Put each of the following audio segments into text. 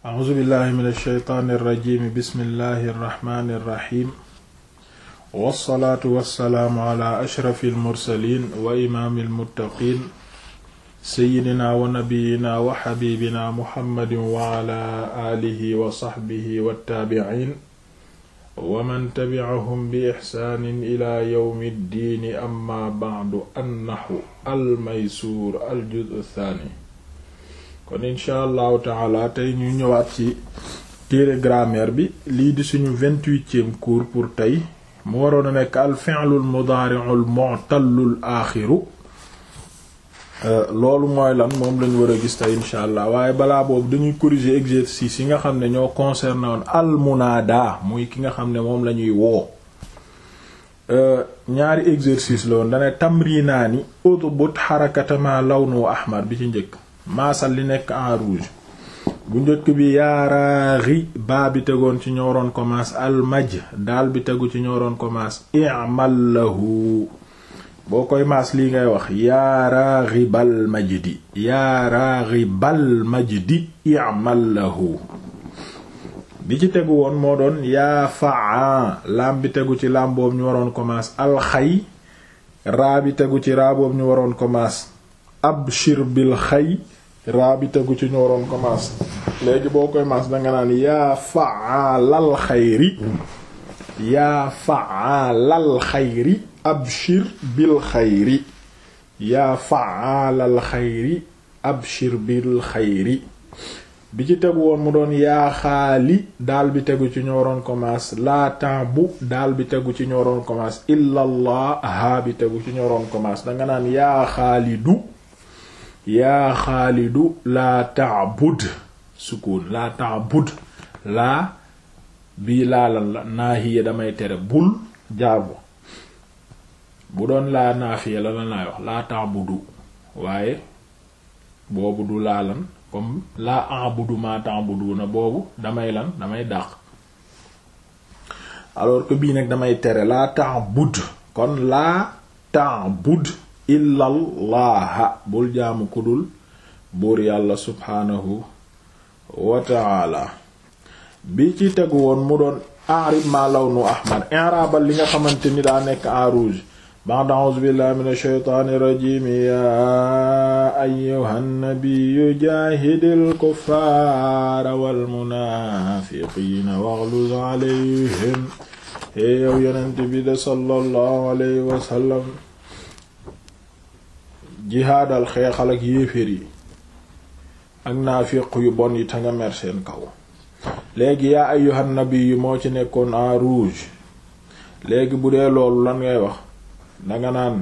أعوذ بالله من الشيطان الرجيم بسم الله الرحمن الرحيم والصلاة والسلام على أشرف المرسلين وإمام المتقين سيدنا ونبينا وحبيبنا محمد وعلى آله وصحبه والتابعين ومن تبعهم بإحسان إلى يوم الدين أما بعد النحو الميسور الجزء الثاني kon incha allahu taala tey ñu ñëwaat ci téere bi lii di suñu vingt-huitième cours pour tey mu waroon a nekk al fi'lul mudari'ul mu'tallul aaxiru euh, loolu mooy lan moom lañu war a gis tey incha allah waaye balaa boobu dañuy corriger exercice yi nga xam ne ñoo concerné woon al munaada muy ki nga xam ne moom lañuy ñuy woo euh, ñaari exercice la woon dane tamrinaani udbut xarakatama lawnu ahmar bi ci njëkk maasal li nekk en rouge bu njëkk bi yaaraaxi baa bi tegoon ci ñooroon commence almaj daal bi tegu ci waroon commence i'mal lahu boo koy maas lii ngay wax yaaraaxi bal majdi yaaraaxi bi ci tegu woon moo doon yaa faa laam bi tegu ci laam boobu ñu waroon commence alxay raa bi tegu ci raa boobu ñu waroon commence abshir bil xay bi tegu ci ñooroon ko léegi boo koy maas danga naan yaa fa'alal xayri yaa fa'alal xayri abshir bil xayri yaa fa'alal xayri abshir bil xayri bi ci tegu woon mu doon yaa xaali daal bi tegu ci ñooroon ko maas laa taabu daal bi tegu ci ñooroon ko illallah haa bi tegu ci ñooroon commence maas danga naan yaa xaalidu yaa xaalidu laa taabud sukun laa taabud laa bii laa lan la naahiya damay tere bul jaamu bu doon laa naafiya la lan laay wax laa taabudu waaye boobu du laa lan comme laa aabudu maa taabudu na boobu damay lan damay dàq alors que bii nag damay tere laa taabud kon laa taabud illallaaha bul jaamu kudul buur yàlla subhaanahu wa taala bi ci tegu woon mu doon arib ma lawnu ahmar i'raabal li nga xamante ni daa nekk en rouge ba'da a'uuzu billahi minash shaytaani rajiim yaa ayyuhan nabiyyu jaahidil kuffaara wal munaafiqiina waghluz alayhim yow yonent bi de sallallahu alayhi wa sallam jihaadal xeexal ak yéeféer yi ak fiq yu bon yi te nga mer seen kaw léegi yaa ayyuhan nabi moo ci nekkoon en rouge léegi bu dee loolu lan ngay wax danga naan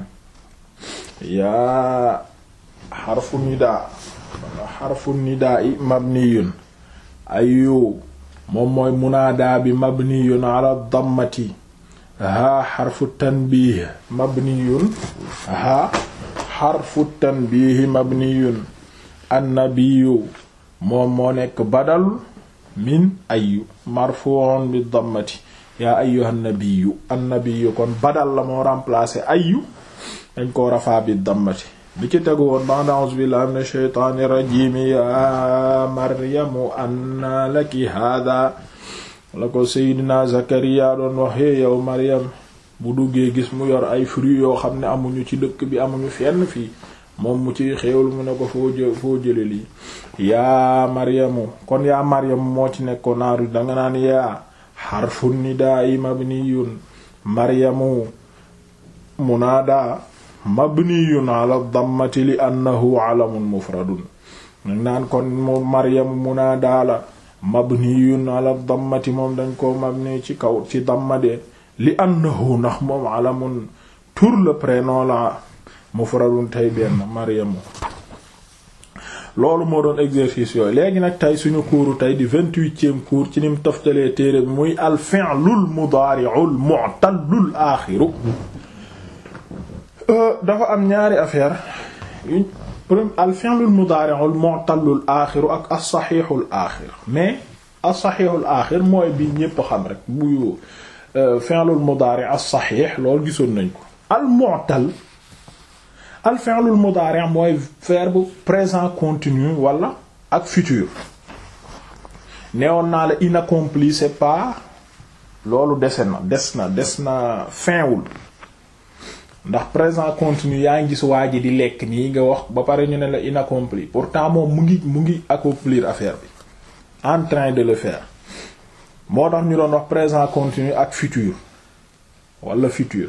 yaa xarfu nidaa xarfu nidaa i mabniyun ayu moom mooy munaadaa bi mabniyun ala dammati haa xarfu tanbiih mabniyun haa xarfu tanbiihi mabniyun annabiyu moom moo nekk badal min ayu marfuun bi dammati yaa ayyuhan nabiyyu annabiyu kon badal la moo remplacé ayu dañ ko rafaa bi dammati bi ci tegu woon ba'da a'uuzu billahi mina shaytaani rajiim yaa maryamu anna laki haadaa la ko seydina zakariya doon wax yow maryam bu duggee gis mu yor ay fruits yoo xam ne amuñu ci dëkk bi amuñu fenn fii moom mu ci xéewlu mu ne ko foo foo jële lii yaa maryamu kon yaa maryamu moo ci nekkoon naaru danga naan yaa xarfu nidaai mabniyun maryamu munaada mabniyun ala dammati li annahu alamun mufradun dañ naan kon moom maryamu munaada la mabniyun ala dammati moom dañ ko mabni ci kaw ci damma li annahu ndax moom alamun tour le prénom la mufradun tey benn mariamu loolu moo doon exercice yooyu léegi nag tey suñu kuuru tey di vingt-huitième cours ci ni mu toftalee téere bi muy al fi'lul mudaari'ul mu'tallul aaxiru euh, dafa am ñaari affaire yuñ premier al fi'lul mudaari'ul mu'tallul ak as-saxiixul mais as-saxiixul aaxir mooy bi ñépp xam rek bu Euh, fi'lul mudaari as-saxiix loolu gisoon nañ ko al-mu'tal al fi'lul mudaari mooy verbe présent continue walla ak futur neewoon naa la inaccompli c'est pas loolu dese na des na des na finwul ndax présent continu yaa ngi gis waa ji di lekk nii nga wax ba pare ñu ne la inaccompli pourtant moom mu ngi mu ngi accomplir affaire bi en train de le faire moo tax ñu doon wax présent continu ak futur wala futur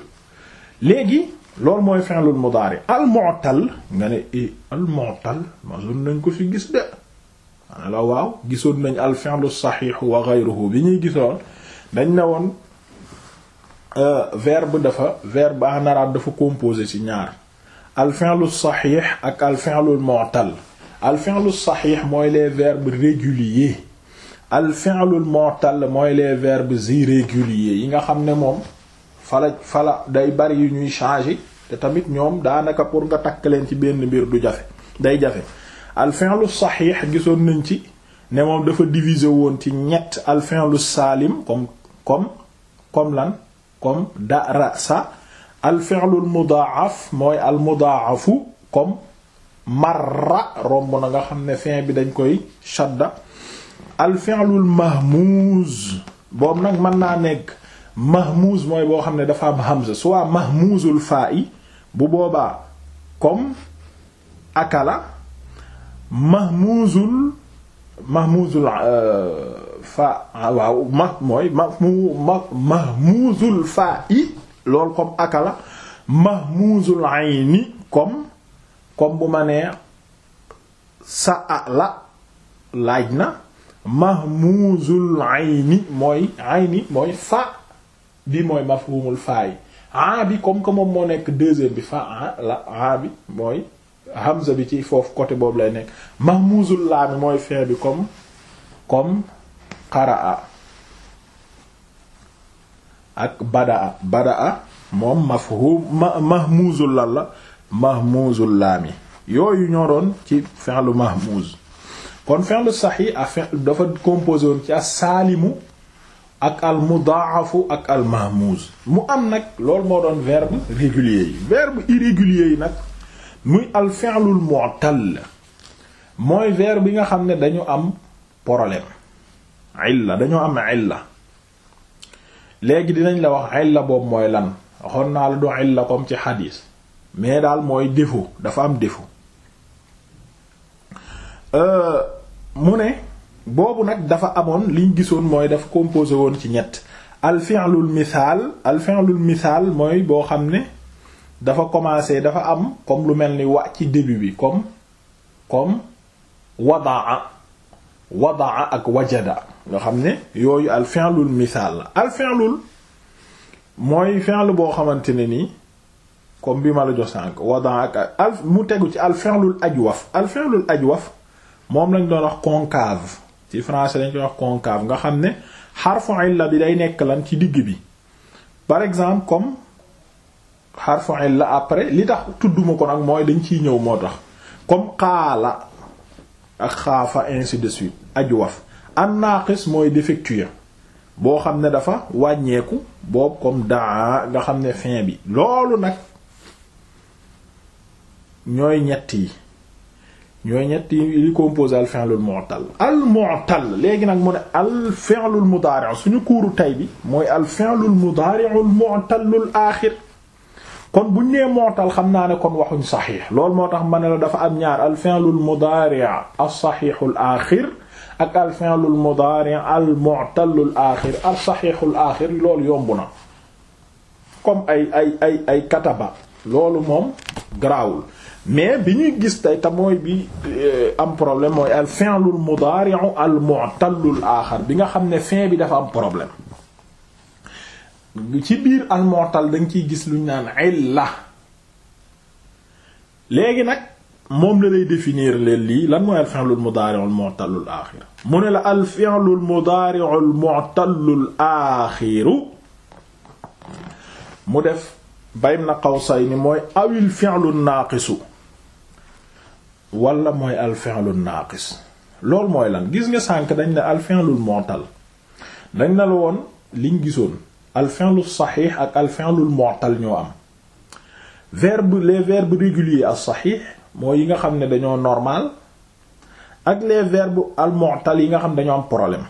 léegi loolu mooy fi'lul mudaari al mu'tal nga ne i eh, al masoon nañ ko ci gis de ana la waaw gisoon nañ al fi'lu saxiixu wa ghayruhu bi ñuy gisoon dañ ne woon euh, verbe dafa verbe en arabe dafa composé ci ñaar al fi'lu saxiix ak al fi'lul mu'tal al fi'lu saxiix mooy les verbes réguliers al fi'lul mu'tal mooy les verbes irréguliers yi nga xam ne moom fala fala day bari yu ñuy changer te tamit ñoom daanaka pour nga takk leen ci benn mbir du jafe day jafe al fi'lu sahih gisoon nañ ci ne moom dafa diviser woon ci ñett al fi'lu saalim comme comme comme lan comme dara sa al fi'lu mudaaf mooy al mudaafu comme marra romb na nga xam ne fin bi dañ koy shadda al fi'lul mahmuz boobu nag mën naa nekk mahmuz mooy boo xam ne dafa am hamza soit mahmuzul fa'i bu boobaa kom akala mahmuzul mahmuzul euh, fa ah, waaw ma ma ma mahmuzul fa'i loolu comme akala mahmuzul ayni kom kom bu ma nee la laaj na mahmuzul ayni mooy ayni mooy fa bi mooy mafhumul faay a bi comme que moom moo nekk deuxième bi fa a la bi mooy hamza bi ci foofu côté boobu lay nekk mahmuzul laa mi mooy fin bi koom comme qaraa ak badaa badaa moom mafhum mahmuzul la la mahmuzul laa mi yooyu ñoo doon ci fi'lu mahmuz kon fi'l sahih a fi'l dafa composé woon ci as-saalimu ak al mudaafu ak al mahmuz mu am nag lool moo doon verbe régulier yi verbe irrégulier yi nag muy al fi'lul mu'tal mooy verbe bi nga xam ne dañu am problème la dañoo am la léegi dinañ la wax illa boobu mooy lan waxoon naa la du illa comme ci xadiis mais daal mooy défaut dafa am défo mu ne boobu nag dafa amoon liñ gisoon mooy dafa composé woon ci ñett al fi'lul misaal al misaal mooy boo xam ne dafa commencé dafa am comme lu mel ni wa début bi comme comme wadaa ak wajada nga xam ne yooyu al fi'lul misaal mooy fi'l boo xamante ne nii comme bi ma la jox sànq wadaa ak al mu tegu ci al fi'lul ajwaf al fi'lul ajwaf moom lañ doon wax concave ci français lañ koy wax concave nga xam ne xarfu la bi day nekk lan ci digg bi par exemple comme xarfu la après li tax tudduma ko nag mooy dañ ciy ñëw moo tax comme xaala ak xaafa ainsi de suite ajwaf an naqis mooy défectueux boo xam ne dafa wàññeeku boobu comme daa nga xam ne fin bi loolu nag ñooy ñett yi ñooy ñett yi li composé al fi'lul mu'tal al mu'tal léegi nag mu ne al fi'lul mudaari' suñu kuuru tay bi mooy al fi'lul mudaari'ul mu'talul aaxir kon buñ nee mu'tal xam naa ne kon waxuñ saxiix lool moo tax ma ne la dafa am ñaar al fi'lul mudaari' as saxiixul aaxir ak al fi'lul mudaari' al mu'talul aaxir al saxiixul aaxir loolu yomb na comme ay ay ay kataba loolu moom garaawul mais bi ñuy gis tey te mooy bi euh, am problème mooy al fi'lul al mu'tallul bi nga xam ne fin bi dafa am problème ci biir al mu'tal da nga ciy gis luñ naan illa léegi nag moom la lay définir lii lan mooy al fi'lul mudaari'u al la al fi'lul mudaari'u al mu'tallul mu def bayna qawsayni mooy awil fi'lun naaqisu wala mooy al fi'lu naaqis loolu mooy lan gis nga sànk dañ ne al fi'lu mu'tal dañ ne la woon liñ gisoon al fi'lu saxiix ak al lu mu'tal ñoo am verbe les verbes réguliers as saxiix mooy yi nga xam ne dañoo normal ak les verbes al mu'tal yi nga xam dañoo am problème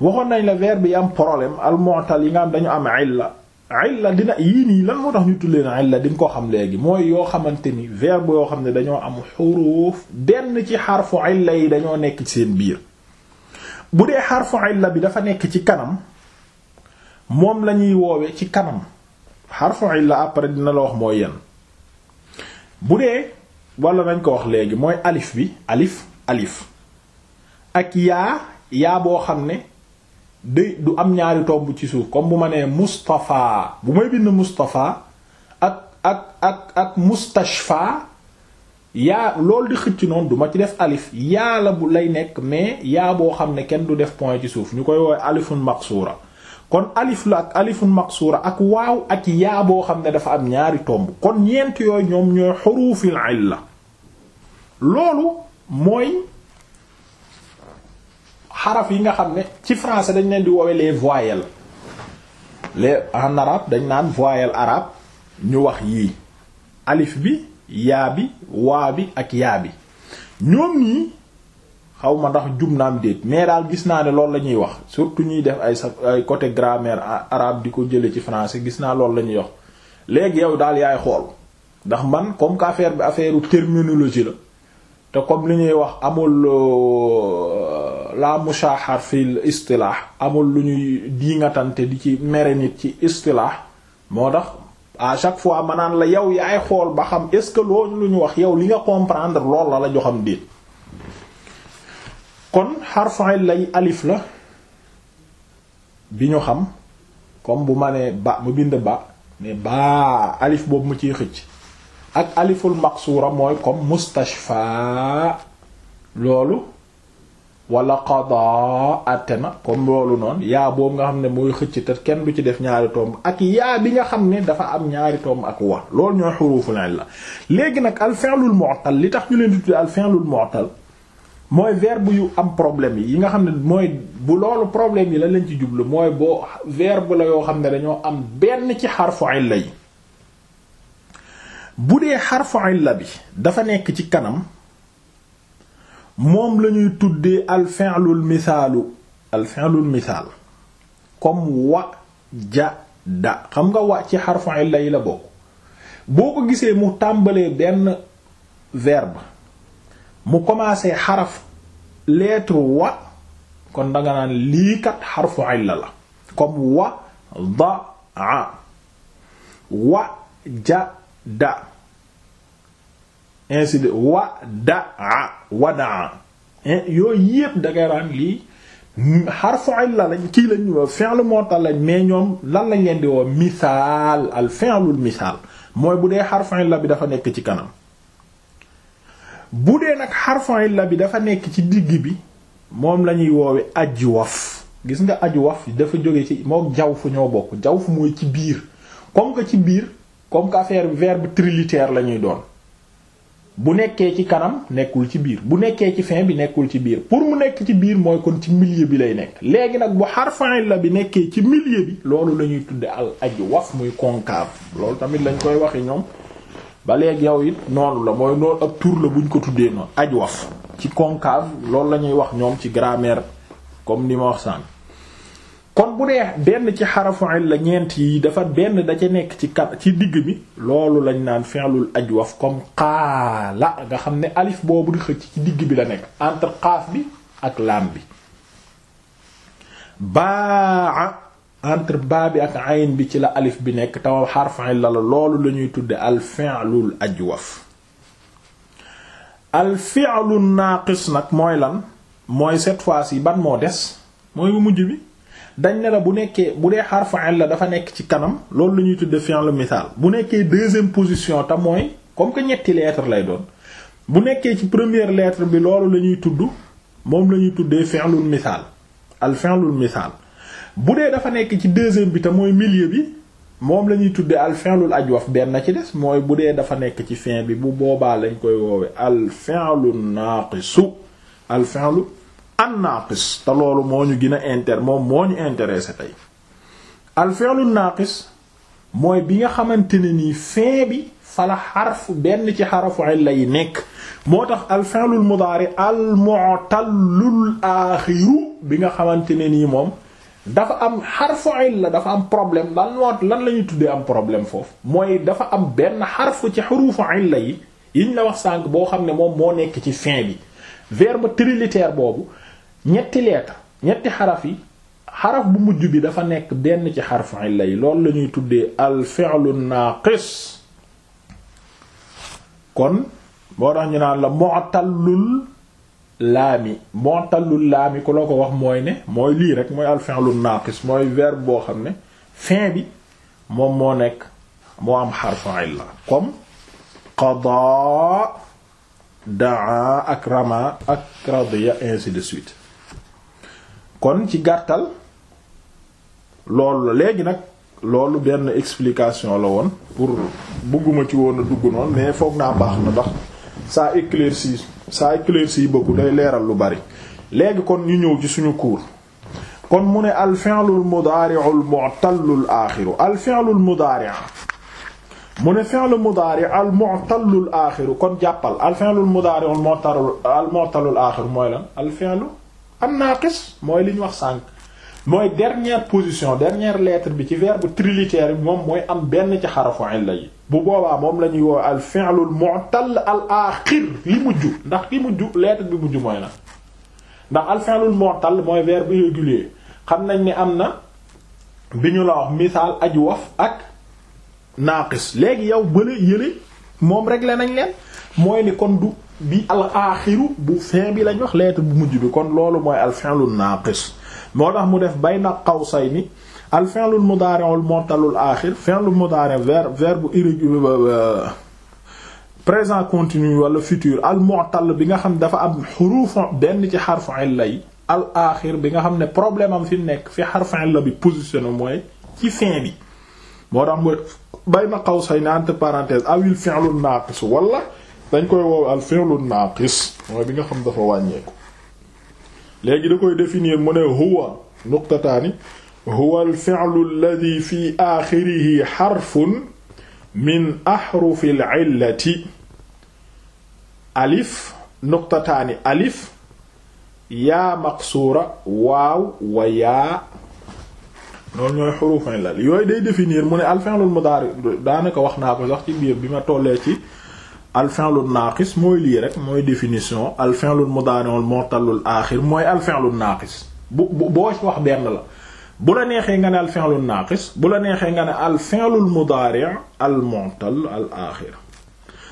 waxoon nañ la verbe yi am problème al yi nga xam dañu am la illa dina yii nii lan moo tax ñu tudd leen illa di nga ko xam léegi mooy yoo xamante ni verbe yoo xam ne dañoo am xuruuf benn ci xarfu illa yi dañoo nekk ci seen biir bu dee xarfu illa bi dafa nekk ci kanam moom la ñuy woowe ci kanam xarfu illa après dina la wax mooy yan bu dee wala nañ ko wax léegi mooy alif bi alif alif ak yaa yaa boo xam ne du am ñaari tomb ci suuf comme bu ma nee Moustapha bu may bind Moustapha ak ak ak ak Moustashfa yaa loolu di xëcc noonu du ci def alif yaa la bu lay nekk mais yaa boo xam ne kenn du def point ci suuf ñu koy woowee alifun maqsuura kon alif la ak alifun maqsuura ak waaw ak yaa boo xam ne dafa am ñaari tomb kon ñeent yooyu ñoom ñooy xuruufil la loolu mooy. xaraf yi nga xam ne ci français dañ leen di woowee les voyelles les en arabe dañ naan voyelle arabe ñu wax yii alif bi yaa bi waa bi ak yaa bi ñoom nii xaw ma ndax jub naam déet mais daal gis naa ne loolu la ñuy wax surtout ñuy def ay sa ay côté grammaire arabe di ko jële ci français gis naa loolu la ñuy wax léegi yow daal yaay xool ndax man comme que affaire bi affaire terminologie la te comme li ñuy wax amul euh, la mushahar fil istilah amul lu ñuy diingatante di ci mere nit ci istilah moo tax à chaque fois manaan la yow yaay xool ba xam est-ce que loolu lu ñu wax yow li nga comprendre lool la la joxam déet kon xarfan lay alif la bi ñu xam comme bu ma nee ba mu bind ba mais baa alif boobu mu ciy xëcc ak aliful maqsuura mooy comme mustashfa loolu wala qadaa àtte na comme loolu noon yaa boobu nga xam ne mooy xëcc te kenn bu ci def ñaari tomb ak yaa bi nga xam ne dafa am ñaari tomb ak wa loolu ñooy xuruful illa léegi nag al li tax ñu leen di tuddee mooy verbe am problème yi yi nga xam ne mooy bu loolu problème yi la leen ci jublu mooy boo verbe la yoo xam ne dañoo am benn ci xarfu illa yi bu dee xarfu illa bi dafa nekk ci kanam moom lañuy tuddee al fi'lul misaalu al fi'lul ja comme xam nga wa ci xarfu illa yi la bokk boo ko gisee mu tàmbalee benn verbe mu commencé xaraf lettre wa kon danga naan lii kat xarfu illa la comme wa da a wa ja da ainsi de wadaa wadaa yooyu yépp dangay raan xarfon xarfu illa lañ kii lañ woo fi'l mu'tal lañ mais ñoom lan lañ leen di woo misaal al fi'lul misaal mooy bu dee xarfu la bi dafa nekk ci kanam bu dee nag xarfu illa bi dafa nekk ci digg bi moom la ñuy woowe ajwaf gis nga ajwaf dafa jóge ci moo jawf ñoo bokk jaw fu mooy ci biir comme que ci biir comme que affaire verbe trilitère la ñuy doon bu nekkee ci kanam nekkul ci biir bu nekkee ci fin bi nekkul ci biir pour mu nekk ci biir mooy kon ci millier bi lay nekk léegi nag bu xarfan la bi nekkee ci milieu bi loolu la ñuy tudde al aj wax muy concave loolu tamit lañ koy waxi ñoom ba léegi yow it noonu la mooy noonu ab tur la buñ ko tuddee noonu aj wax ci concave loolu la ñuy wax ñoom ci grammaire comme ni ma wax sànq kon bu dee benn ci xarafu la ñeent yi dafa benn da ca nekk ci kat ci digg bi loolu lañu naan fi'lul ajwaf comme qaala nga xam ne alif boobu di xëcc ci digg bi la nekk entre qaaf bi ak laam bi baa entre baa bi ak ayn bi ci la alif bi nekk taw xarfu illa la loolu lañuy ñuy tudde al fi'lul ajwaf al fi'lun naaqis nag mooy lan mooy cette fois-ci ban moo des mooy bu mujj bi dañ ne la bu nekkee bu dee xarfu la dafa nekk ci kanam loolu la ñuy tudde fi'l misaal bu nekkee deuxième position te mooy comme que ñetti lettre lay doon bu nekkee ci première lettre bi loolu la ñuy tudd moom la ñuy tuddee finlu misaal al fi'lul misaal bu dee dafa nekk ci deuxième bi te mooy milieu bi moom la ñuy tuddee al fi'lul wax benn ci des mooy bu dee dafa nekk ci fin bi bu boobaa lañ koy woowe al fi'lun naaqisu al fi'lu an-naaqis te loolu moo ñu gën a inter moom moo ñu intéressé tey al-fi'lu naaqis mooy bi nga xamante ne nii fin bi fala xarf benn ci xarafu illa yi nekk moo tax al-fi'lu al-mudaari al bi nga xamante ne nii moom dafa am xarfu illa dafa am problème lan moo lan la ñuy tuddee am problème foofu mooy dafa am benn xarfu ci xuruufu illa yi yiñ la wax sànq boo xam ne moom moo nekk ci fin bi verbe trilitère boobu ñetti lettre ñetti xaraf yi xaraf bu mujj bi dafa nekk benn ci xarfu illa loolu la tuddee al fi'lu naaqis kon boo tax ñu naan la mu'tallul laami mu'tallul laami ku la ko wax mooy ne mooy lii rek mooy al fi'lu naaqis mooy verbe boo xam ne fin bi moom moo nekk moo am xarfu illa comme qadaa daa ak rama ak radiya ainsi de suite kon ci gàttal loolu la léegi nag loolu benn explication la woon pour bëgguma ci woon a dugg noonu mais foog naa baax na ndax ça éclaircit ça éclaircit beaucoup day leeral lu bari léegi kon ñu ñëw ci suñu cours kon mu ne al fi'lul mudaari'ul mu'tallul aaxiru mudaari' mu ne fi'lul mudaari' al mu'tallul aaxiru kon jàppal al fi'lul mudaari'ul mu'tallul aaxiru mooy lan al am naaqis mooy li ñu wax sànq mooy dernière position dernière leetre bi ci verbe trilitère bi moom mooy am benn ci xarafu illa yi bu boobaa moom la ñuy woo al fi'lul mu'tal al axir li mujj ndax li mujj lettre bi mujj mooy na ndax al fi'lul mu'tal mooy verbe irrégulier xam nañ ni am na bi ñu la wax misaal ajwaf ak naaqis léegi yow bële yële moom réglé nañ leen mooy ni kon du bi al aaxiru bu fin bi lañ wax lettre bu mujj bi kon loolu mooy al lu naaqis moo tax mu def bayna qawsayni al fi'lu mudaari' al mu'tal al aaxir fi'lu mudaari' verbe verbe irrégulier euh, présent continu wala futur al mu'tal bi nga xam dafa am xuruuf benn ci xarfu illa yi al aaxir bi nga xam ne problème am fi nekk fi xarfu illa bi positionné mooy ci fin bi moo tax mu bayna qawsayni entre parenthèses awil fi'lu naaqis dañ koy woow al fi'lu naqis mooy bi nga xam dafa wàññeeku léegi da koy définir mu ne huwa nuqtataani huwa al fi'lu alladhi fi aaxirihi xarfun min axrufi al illati alif nuqtataani alif yaa maqsuura waaw wa yaa loolu ñooy xurufin la yooyu day définir mu ne al fi'lul mudaari daanaka wax naa ko sax ci biir bi ma tollee ci al fi'lun naaqis mooy lii rek mooy définition al fi'lul mudaari'ul mu'tallul aaxir mooy al lu naaqis bu bu wax benn la bu la neexee nga ne al fi'lun naaqis bu la neexee nga ne al fi'lul mudaari' al mu'tall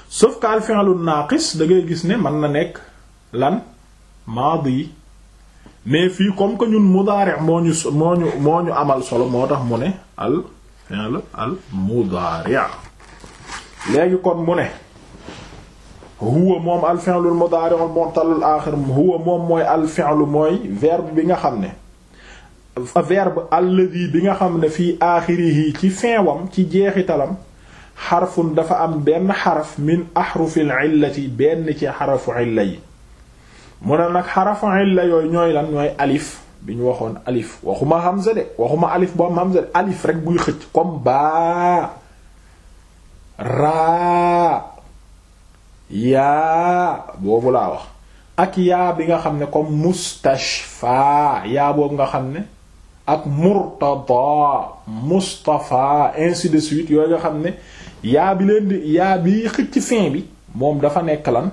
sauf que al fi'lun naaqis da gis ne mën na nekk lan maadi mais fii comme que ñun mudaari' moo ñu moo ñu amal solo moo tax mu ne al fi'l léegi kon mu ne. huwa moom al fi'lu al mudari' al mu'tal al huwa moom mooy al fi'lu mooy verbe bi nga xam ne verbe alladhi bi nga xam ne fii aaxirihi ci wam ci jeexitalam xarfun dafa am benn xaraf min ahrufil illati benn ci xarafu ne nag xarafu illa alif bi ñu waxoon alif waxuma hamza de waxuma alif bu am alif rek buy xëcc comme baa raa yaa boobu laa wax ak yaa bi nga xam ne comme mustashfa yaa boobu nga xam ne ak murtada mustafa ainsi de suite yooyu nga xam ne yaa bi leen di yaa bi xëcc fin bi moom dafa nekk lan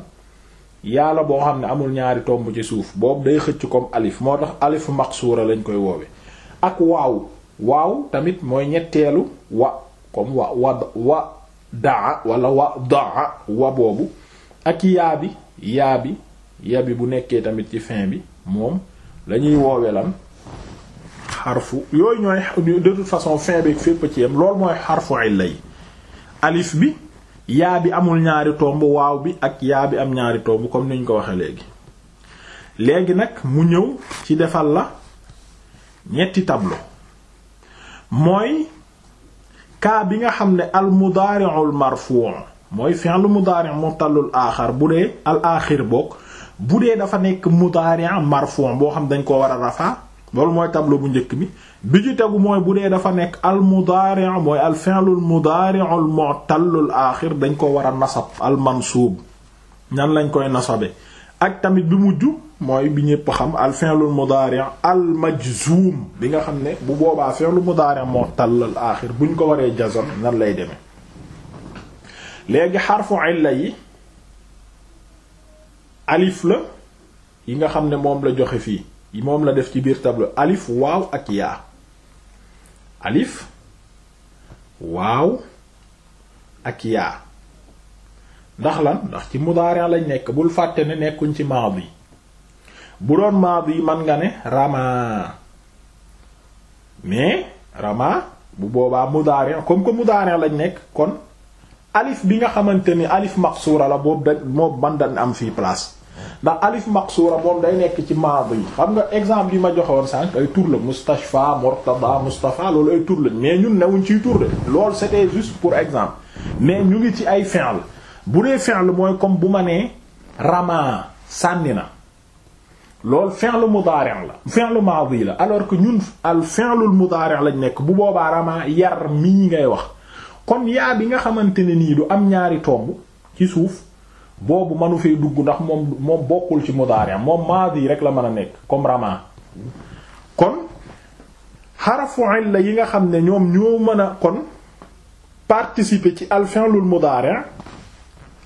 yaa boo xam ne amul ñaari tomb ci suuf boobu day xëcc comme alif moo tax alif maqsuura lañ koy woowe ak waaw waaw tamit mooy ñetteelu wa comme wa wa wa daa wala wa daa wa boobu ak yaa bi yaa bi yaa bi bu nekkee tamit ci fin bi moom lañuy woowe xarfu yooyu ñooy de toute façon fin bi fépp ci yam loolu mooy xarfu illa yi alif bi yaa bi amul ñaari tomb waaw bi ak yaa bi am ñaari tomb kom niñ ko waxee léegi léegi nag mu ñëw ci defal la ñetti tableau mooy kaa bi nga xam ne al mudaari'ul mooy fi'l mudaari' mutallul aaxar bu dee al aaxir bokk bu dee dafa nekk mudaari' marfon boo xam dañ ko war a rafaa loolu mooy tableau bu njëkk bi bi ci tegu mooy bu dee dafa nekk al mudaari' mooy al fi'lul mudaari'ul mu'tallul dañ ko war a nasab al mansuub ñan lañ koy nasabe ak tamit bi mujj mooy bi ñëpp xam al fi'lul mudaari' al majzuum bi nga xam ne bu boobaa fi'lul mudaari' mu'tallul aaxir ñu ko waree jazam nan lay demee léegi xarfu illa yi alif la yi nga xam ne moom la joxe fii moom la def ci biir tableau alif waaw ak yaa alif waaw ak yaa ndax la ndax ci mudaari lañ nekk bul fàtte ne nekkuñ ci maadi bu doon maadi man nga ne rama mais rama bu boobaa mudaari comme que mudaari lañ nekk kon alif bi nga xamante ni alif maqsuura la boobu da moom ban dañ am fii place ndax alif maqsuura moom day nekk ci maadi yi xam nga exemple yi ma joxewoon sànq ay tur la Mustashfa Murtada Mustafa loolu ay tur lañ mais ñun newuñ ciy tur lool loolu c'était juste pour exemple mais ñu ngi ci ay fi'l bu dee fi'l mooy comme bu ma nee rama sànni na loolu fi'l mudaari' la fi'l maadi la alors que ñun al fi'lul mudaari' lañ nekk bu boobaa rama yar mii ngay wax kon yaa bi nga xamante ne nii du am ñaari tomb ci suuf boobu mënu fee dugg ndax moom moom bokkul ci mudaari moom maadi rek la mën a nekk comme rama kon xarafu illa yi nga xam ne ñoom ñoo mën a kon participer ci al fi'lul mudaari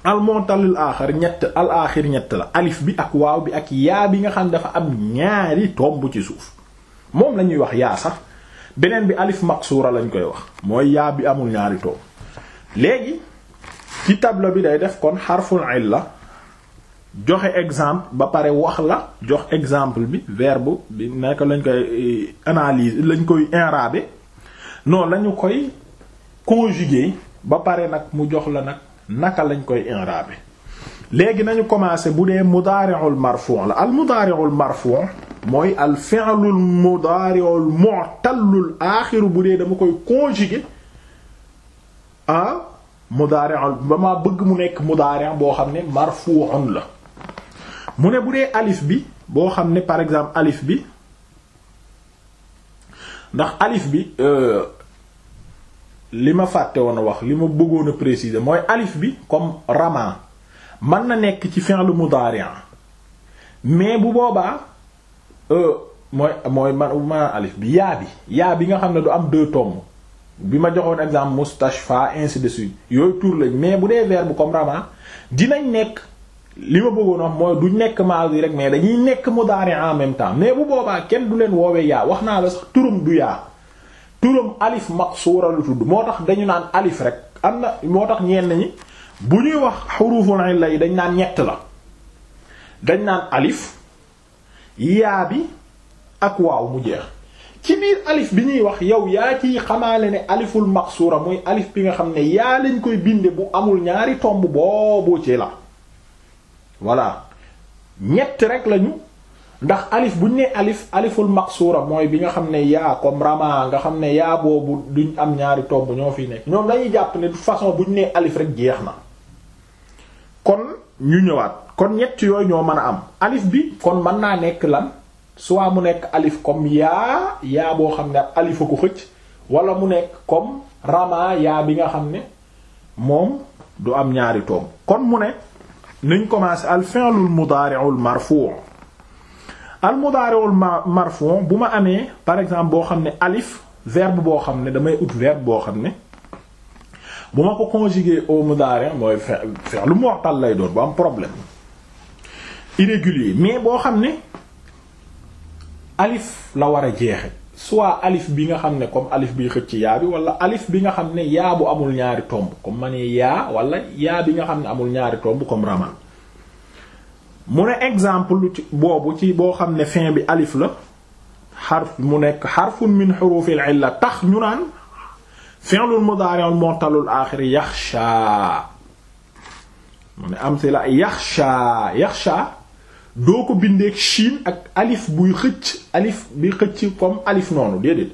al mu'tallil ñett al ñett la alif bi ak waaw bi ak yaa bi nga xam dafa am ñaari tomb ci suuf moom lañuy wax yaa sax beneen bi alif maqsuura lañ koy wax mooy yaa bi amul ñaari toom léegi ci tableau bi day def kon xarful la joxe exemple ba pare wax la jox exemple bi verbe bi nekk lañ koy eh, analyse lañ koy inrabe non lañu koy conjuguer ba pare nag mu jox la nag naka lañ koy inrabe léegi nañu commencé bu dee mudaari'ul marfoo la al mudaari'ul marfu' mooy al fi'lul mudaari'ul mu'tallul aaxiru bu dee dama koy conjuguer ah mudaari'ul ba ma bëgg mu nekk mudaari' boo xam ne marfu'un la mu ne bu dee alif bi boo xam ne par exemple alif bi ndax alif bi euh, li ma fàtte woon a wax li ma bëggoon a préciser mooy alif bi comme rama man na nekk ci fi'l mudari' mais bu boobaa euh, mooy mooy ma alif bi yaa bi yaa bi nga xam ne du am deux tomes bi ma joxoon exemple mustashfa ainsi de suite yooyu tur lañ mais bu dee verbe comme rama dinañ nekk li ma bëggoon wax mooy du nekk yi rek mais dañuy nekk mudari en même temps mais bu boobaa kenn du leen woowee yaa wax naa la sax turam du yaa turam alif maqsuura lu tudd moo tax dañu naan alif rek am na moo tax ñeen ñi bu ñuy wax xuruful illa yi dañ naan ñett la dañ naan alif yaa bi ak waaw mu jeex ci biir alif bi ñuy wax yow yaa ciy xamaale ne aliful maqsura muy alif bi nga xam ne yaa lañ koy binde bu amul ñaari tomb boobu ci la voilà ñett rek lañu ndax alif ñu ne alif aliful maqsura mooy bi nga xam ne yaa comme rama nga xam ne yaa boobu duñ am ñaari tomb ñoo fiy nekk ñoom dañuy jàpp ne de façon buñ ne alif rek jeex na kon ñu ñëwaat kon ñett yooyu ñoo mën a am alif bi kon mën naa nekk lan soit mu nekk alif comme yaa yaa boo xam ne alif a ko xëcc wala mu nekk comme rama yaa bi nga xam ne moom du am ñaari tomb kon mu ne nañ commencé al fi'lul mudari'ul marfu' al mudaari'ul marfu' bu ma amee par exemple boo xam ne alif verbe boo xam ne damay ut verbe boo xam ne bu ma ko conjuguer au mudaari' mooy lu fi'lu mu'tal lay doon bu am problème irrégulier mais boo xam ne alif la war a jeexe soit alif bi nga xam ne comme alif bi xëcc yaa bi wala alif bi nga xam ne yaa bu amul ñaari tomb comme ma ne yaa wala yaa bi nga xam ne amul ñaari tomb comme raman mu ne exemple boobu ci boo xam ne fin bi alif la xarf mu nekk xarfun min xurufil illa tax ñu naan fi'lul mudaari'ul mu'talul aaxir yaxsha mu ne am si la yaxsha yaxsha doo ko bindeeg shiin ak alif buy xëcc bi xëcc comme alif noonu déedéet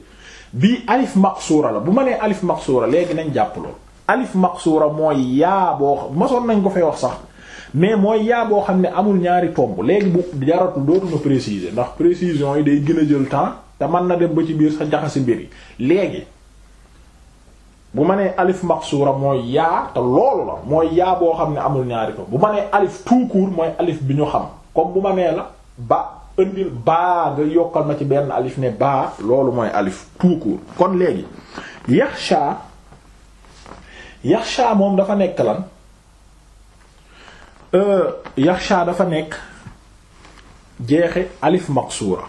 bii alif maqsuura la bu ma nee alif maqsuura léegi nañ jàpp lool alif maqsuura mooy yaa boo masoon nañ ko fay wax sax mais mooy yaa boo xam ne amul ñaari tomb léegi bu jaratu dootuma préciser ndax précision yi day gën a jël temps te man na dem ba ci biir sa jaxasi mbir yi léegi bu ma nee alif maqsura mooy yaa te loolu la mooy yaa boo xam ne amul ñaari tomb bu ma nee alif tout court mooy alif bi ñu xam comme bu ma nee la ba ëndil baa nga yokkal ma ci benn alif ne baa loolu mooy alif tout kon léegi yaxsha yaxsha moom dafa nekk lan Euh, yaxsha dafa nekk jeexe alif maqsuura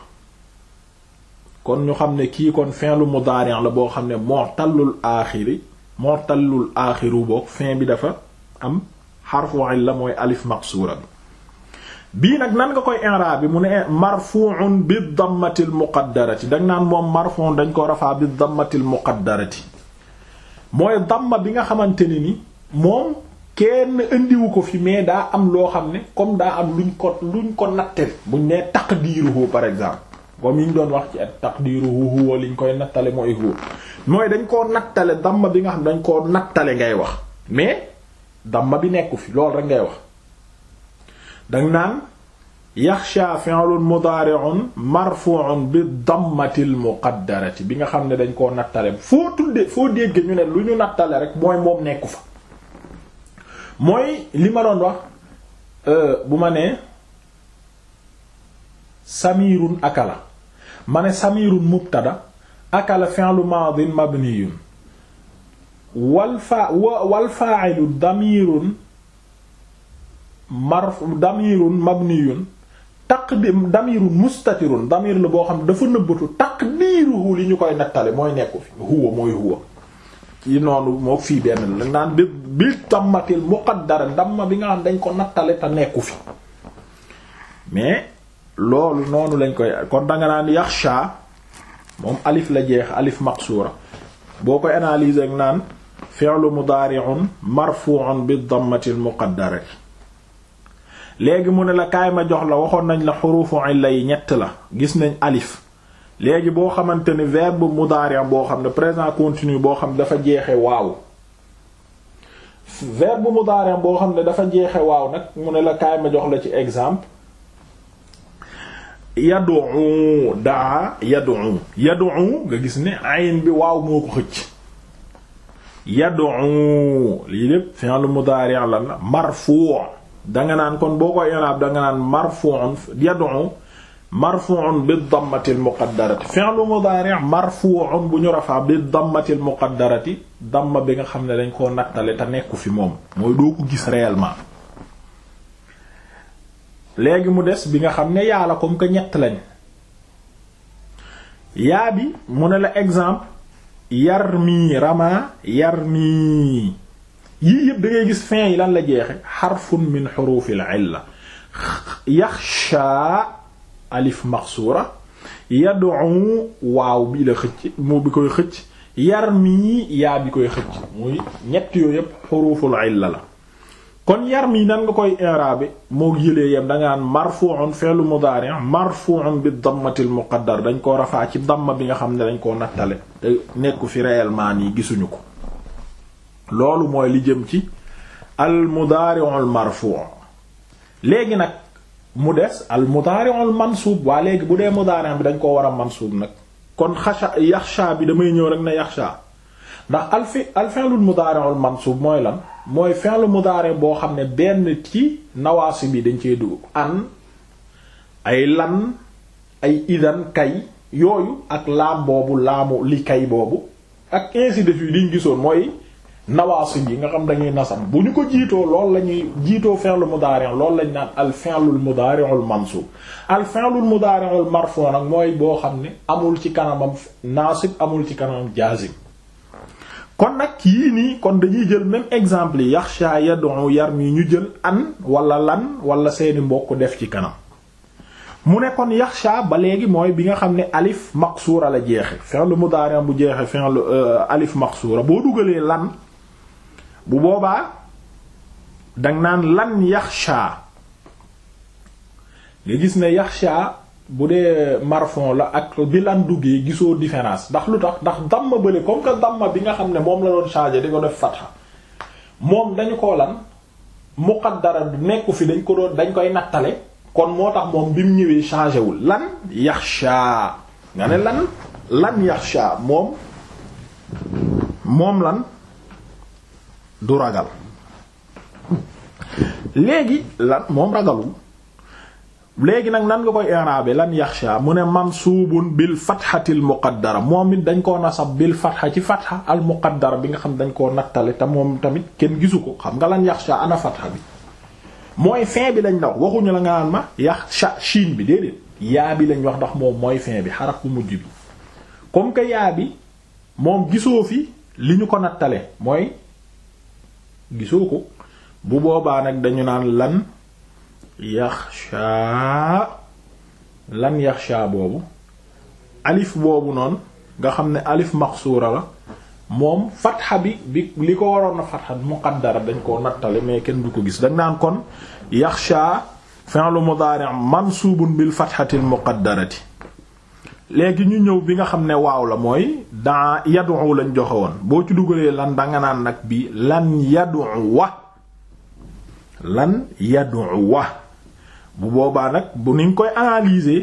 kon ñu xam ne kii kon finlu lu la boo xam ne mu'tallul aaxiri mu'tallul aaxiru boog fin bi dafa am xarfu illa mooy alif maqsuura bi bii nag nan nga koy i'raab bi mu ne marfu'un bi dammatil muqaddarati dañ naan moom marfu'un dañ ko rafaa bi dammatil muqaddarati mooy damma bi nga xamante ni ni moom kenn indiwu ko fi mais daa am loo xam ne comme daa am luñ ko luñ ko natteel buñ nee taqdiruhu par exemple comme yi ñu doon wax ci at taqdiruhu huwa liñ koy nattale mooy huwa mooy dañ koo nattale damma bi nga xam dañ koo nattale ngay wax mais damma bi nekku fi loolu rek ngay wax dang naan yaxsha fi'lun mudari'un marfu'un bi dammatil muqaddarati bi nga xam ne dañ koo nattale foo tudde foo dégg ñu ne lu ñu nattale rek mooy moom nekku fa mooy li ma doon wax euh, bu ma nee samirun akala ma ne samirun mubtada akala fi'lu maadin mabniyun wal fa wal fa'ilu damirun marf damirun mabniyun taqdim damirun mustatirun damir la boo xam dafa nëbbatu taqdiruhu li ñu koy nattale mooy nekku huwa mooy huwa ci noonu moo fii benn la naan bi bi dammatil muqaddara damma bi nga xam dañ ko nattale te nekku fi mais loolu noonu lañ koy kon danga naan yaxsha moom alif la jeex alif maqsuura boo koy analyser ak naan fi'lu mudaari'un marfu'un bi dammatil muqaddara léegi mu ne la kaay ma jox la waxoon nañ la xurufu illa ñett la gis nañ alif léegi boo xamante ne verbe mudaari' boo xam ne présent continu boo xam ne dafa jeexe waaw verbe mudaari' boo xam ne dafa jeexe waaw nag mu ne la kaay ma jox la ci exemple yad'u daa yad'u yad'u nga gis ne ayn bi waaw moo ko xëcc yad'u lii lépp fi'l mudaari' la mar marfu' danga naan kon boo koy inaab danga naan marfu'un yad'u marfu'un bi dammati almuqaddarati fi'lu mudari' marfu'un bu ñu rafaa bi dammati almuqaddarati damma bi nga xam ne dañ koo nattale te nekku fi moom mooy doo ko gis réellement léegi mu des bi nga xam ne yaa la comme que ñett lañ yaa bi mu ne la exemple yar mii rama yar mii yii yëpp dangay gis fin yi lan la jeexe xarfun min xuruufil illa yaxsha alif maxsuura yadu waaw bi la xëcc moo bi koy xëcc yar mii yaa bi koy xëcc muy ñett yooyu yépp xuruful illa la kon yar mi nan nga koy i'raabe moo yëlee yam dangaan marfu'un fi'lu mudari' marfu'un bi dammatil muqaddar dañ ko rafaa ci damma bi nga xam ne dañ koo nattale te nekku fi réellement nii gisuñu ko loolu mooy li jëm ci al mudari'ul marfu' léegi nag mu des al mudaari'ul mansuub waa léegi bu dee mudaari' bi dañ koo war a mansuub nag kon xasha yaxsha bi damay ñëw rek na yaxsha ndax al fi al fi'lul mudaari'ul mansuub mooy lan mooy fi'lu mudaari' boo xam ne benn ci nawaasi bi dañ cee dugg an ay lan ay idan kay yooyu ak laam boobu laamu li kay boobu ak ainsi de suite liñ gisoon mooy nawaasib yi nga xam dañuy nasab bu ñu ko jiitoo lool la ñuy jiitoo fi'lul mudaari' loolu lañ naan al fi'lul mudaari'ul mansuub al fi'lul mudaari'ul marfuu' nag mooy boo xam ne amul ci kanamam naasib amul ci kanamam jaazim kon nag yii nii kon dañuy jël même exemple yi yaxsha yad'u yarmi ñu jël an wala lan wala seeni mbokk def ci kanam mu nekkoon kon yaxsha ba léegi mooy bi nga xam ne alif maqsuura la jeexe fi'lu mudaari' bu jeexe fi'lu euh, alif maqsuura boo dugalee lan bu boobaa dang naan lan yaxsha nga gis ne yaxsha bu dee marfon la ak bi lan duggee gisoo différence ndax lu tax ndax damma bële comme que damma bi nga xam ne moom la doon changer di ko def fatha moom dañu ko lan muqaddara nekku fi dañ ko doon dañ koy nattale kon moo tax moom bi mu ñëwee changé wul lan yaxsha nga ne lan lan yaxsha moom moom lan du ragal léegi lan moom ragalul léegi nag nan nga koy i'raabe lan yaxsha mu ne mansuubun bil fatxatil muqaddara moom it dañ koo nasab bil fatxa ci fatxa al muqaddara bi nga xam dañ koo nattale te moom tamit kenn gisu ko xam nga lan yaxsha ana fatxa bi mooy fin bi lañ la waxuñu la nga naan ma yaxsha shiin bi déedéet yaa bi lañ wax ndax moom mooy fin bi xaraf bu mujj bi comme que yaa bi moom gisoo fi li ñu ko nattale mooy gisoo ko bu boobaa nag dañu naan lan yaxsha lan yaxsha boobu alif boobu noonu nga xam ne alif maxsuura la moom fatxa bi bi li ko waroon na fatxa muqaddara dañ koo nattale mais kenn du ko gis dañ naan kon yaxsha fi'lu mudaari' mansuubun bil fatxatil muqaddarati léegi ñu ñëw bi nga xam ne waaw la mooy daa yadu lañ joxe woon boo ci dugalee lan danga naan nag bi lan yadu wa lan yadu wa boobaa nag bu niñ koy analyser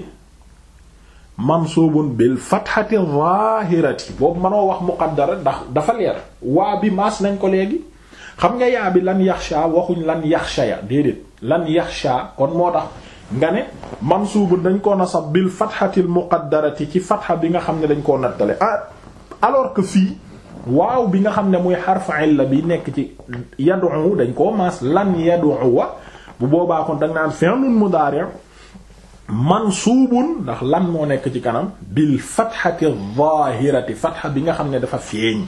mansuubun bil fatxati zaahirati boobu mënoo wax muqaddara ndax dafa leer waa bi maas nañ ko léegi xam nga yaa bi lan yaxsha waxuñ lan yaxsha ya déedéet lan yaxsha kon moo tax nga ne mansuubun dañ koo nasab bil fathatil muqaddarati ci fatha bi nga xam ne dañ koo nattale ah, alors que fii waaw bi nga xam ne muy xarfu illa bi nekk ci yad'u dañ koo maas lan yad'u wa bu boobaa kon da nga naan fi'lun mudaari' mansuubun ndax lan moo nekk ci kanam bil fatxati zaahirati fatxa bi nga xam ne dafa feeñ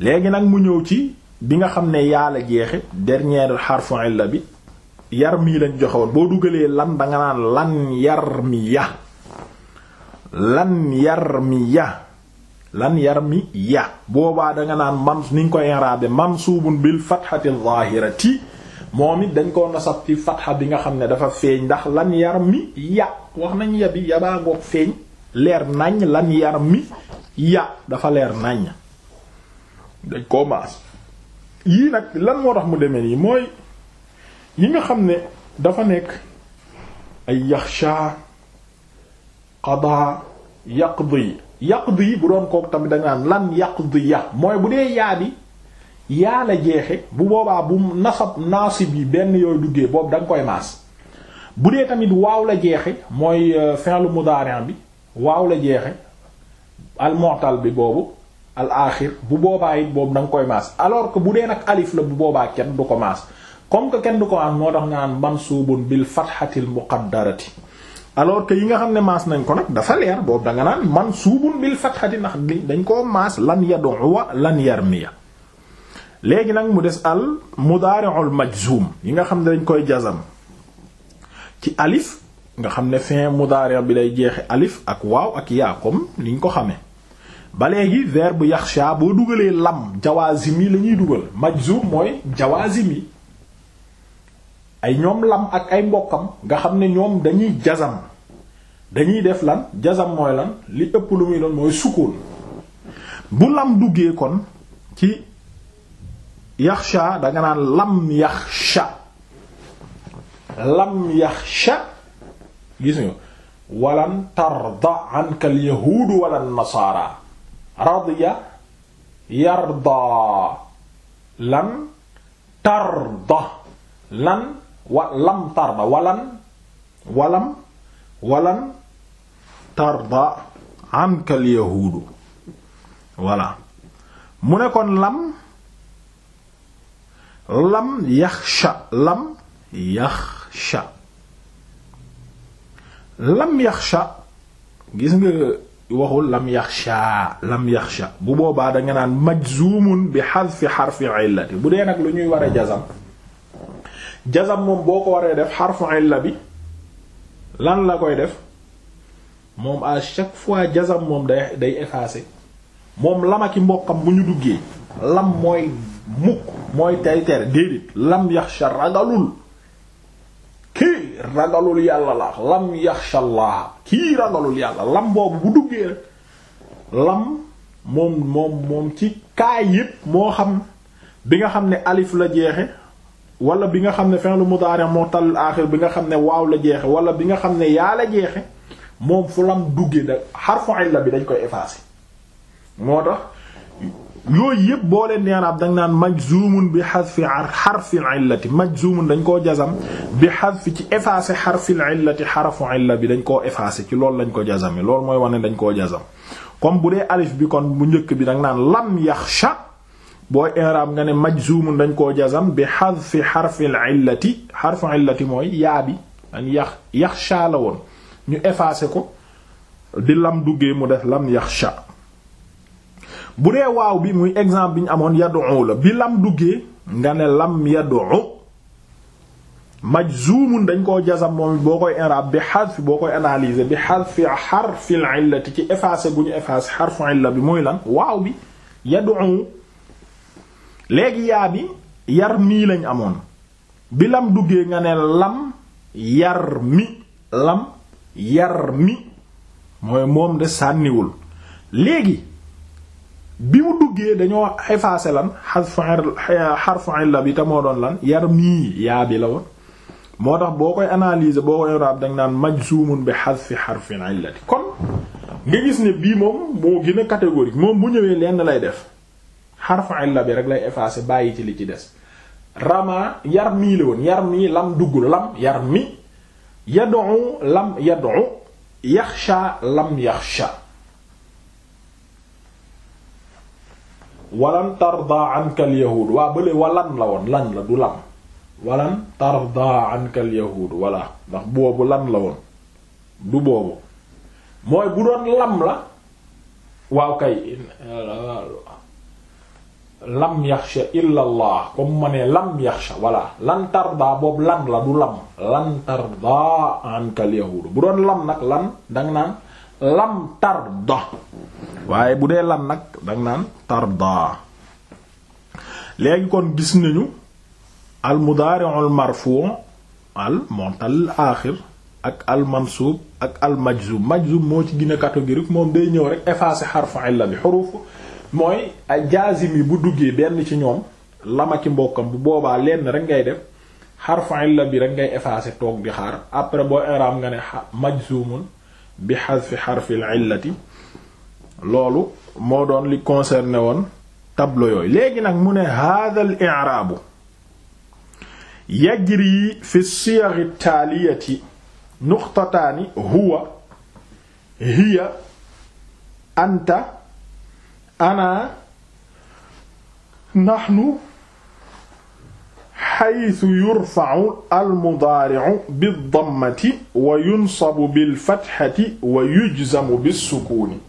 léegi nag mu ñëw ci bi nga xam ne yaa la jeexe dernier xarfu illa bi yar mii lañ joxe boo duggalee lan danga naan lan yar mi ya lan yar mi ya lan yar mi ya boobaa danga naan mam ni nga koy i'raabe mansuubun bil fatxati zaahirati moom it dañ koo nasab ci fatxa bi nga xam ne dafa feeñ ndax lan yar mi ya wax nañ ya bi yabaa ngoog feeñ leer nañ lan yar mi ya dafa leer nañ dañ ko maas yii nag lan moo tax mu demee nii mooy yi nga xam ne dafa nekk ay yaxsha qadaa yaqdi yaqdi bu doon kook tamit da nga naan lan yaqdi ya mooy bu dee yaa bi yaa la jeexe bu boobaa bu nasab naasib yi benn yooyu duggee boobu da koy maas bu dee tamit waaw la jeexe mooy euh, fi'lu mudari' bi waaw la jeexe al mu'tal bi boobu al aaxir bu boobaa it boobu da koy maas alors que bu dee nag alif la bu boobaa kenn du ko maas comme que kenn du ko am moo tax nga naan mansuubun bil fathatil muqaddarati alors que yi nga xam ne maas nañ ko nag dafa leer boobu da nga naan mansuubun bil fathati ndax dañ koo maas lan yad'uwa lan yarmiya léegi nag mu des al mudaari'ul majzum yi nga xam ne dañ koy jazam ci alif nga xam ne fin mudaari' bi lay jeexe alif ak waaw ak yaa comme liñ ko xamee ba léegi verbe yaxsha boo dugalee lam jawaazim yi la ñuy dugal majzum mooy jawaazim yi ay ñoom lam ak ay mbokkam nga xam ne ñoom dañuy jazam dañuy def lan jasam mooy lan li ëpp lu muy doon mooy sukkoon bu lam duggee kon ci yaxsha danga naan lam yaxsha lam yaxsha gis nga walan tarda anka al yahuud wala nasaara radiya yarda lan tarda lan wa lam tarda walan walam walan tarda ankal yahuudu voilà mu ne koon lam lam yaxsha lam yaxsha lam yaxsha gis nga waxul lam yaxsha lam yaxsha bu boobaa danga naan majzumun bi xadfi xarfi illati bu dee nag lu ñuy war a jazam jazam moom boo ko waree def xarfu illa bi lan la koy def moom à chaque fois jazam moom day day effacer moom lamaki mboqam bu ñu duggee lam mooy mukk mooy tay tere déedéet lam yaxsha ragalul kii ragalul yàlla la lam yaxsha Allah kii ragalul yàlla lam boobu bu duggee rek lam moom moom moom ci kaay yépp moo xam bi nga xam ne alif la jeexe wala bi nga xam ne fi'lu mudaari moo tal aaxir bi nga xam ne waaw la jeexe wala bi nga xam ne yaa la jeexe moom fu lam duggee da xarfu illa bi dañ koy effacer moo tax yëpp boo leen neeraab da nga naan majzumun bi xadfi xarfil illati majzumun dañ koo jazam bi xadfi ci effacé xarfil illati xarfu illa bi dañ koo effacé ci loolu lañ ko jazame loolu mooy ne dañ koo jazam comme bu dee alif bi kon bu njëkk bi da naan lam yaxsha booy i'rab nga ne majzumun dañ koo jazam bi hadfi xarfil illati xarfu illati mooy yaa bi an yax yaxsha la woon ñu effacé ko di lam duggee mu def lam yaxsha bu dee waaw bi muy exemple bi ñu amoon yad'u la bi lam duggee nga ne lam dañ koo jazam moom boo koy i'rab bi hadf boo koy analyser bi hadfi xarfil illati ci effacé gu ñu effacé xarfu illa bi mooy lan waaw bi yad'u léegi yaa bi yar mii lañ amoon bi lam duggee nga ne lam yar mi lam yar mi mooy moom de sànniwul léegi bi mu duggee dañoo effacer lan xarfu illa bi te moo doon lan yar mii yaa la woon moo tax boo koy analyser boo koy raab dañ naan majzumun bi xadfi xarfin illati kon nga gis ne bii moom moo gën a moom bu ñëwee lenn lay def xarfu illa bi rek lay effacer bàyyi ci li ci des rama yar mii la woon yar mii lam dugg lam yar mi yad'u lam yad'u yaxsha lam yaxsha walan tarda anka al yahud waa bële walan la woon lan la du lam walan tarda anka al walla ndax boobu lan la woon du boobu mooy bu doon lam la waaw kay lam yaxsha illa allah comme ma ne lam yaxsha walla lan tarda boobu lan la du lam lan tarda ankal yahuudu bu doon lam nag lan danga naan lam tarda waaye bu dee lan nag danga naan tarda léegi kon gis nañu al mudaari'ul marfu' al mu'tal aaxir ak al mansuub ak al majzuum majzuum moo ci gën a moom day ñëw rek effacer xarfu illa bi xuruuf mooy ay jaazim yi bu duggee benn ci ñoom lama ki mbokkam bu boobaa lenn rek ngay def xarfu illa bi rek ngay effacer toog di xaar après boo i'rab nga ne majzumun bi xadfi xarfil illati loolu moo doon li concerné woon tableau yooyu léegi nag mu ne hadha al i'raabu yi fi siyaghi ci nuqtataani huwa hiya anta ana nahnu xaytu yurfacu almudaaricu biddammati wa yunsabu bilfatxati wa yujzamu bissukuuni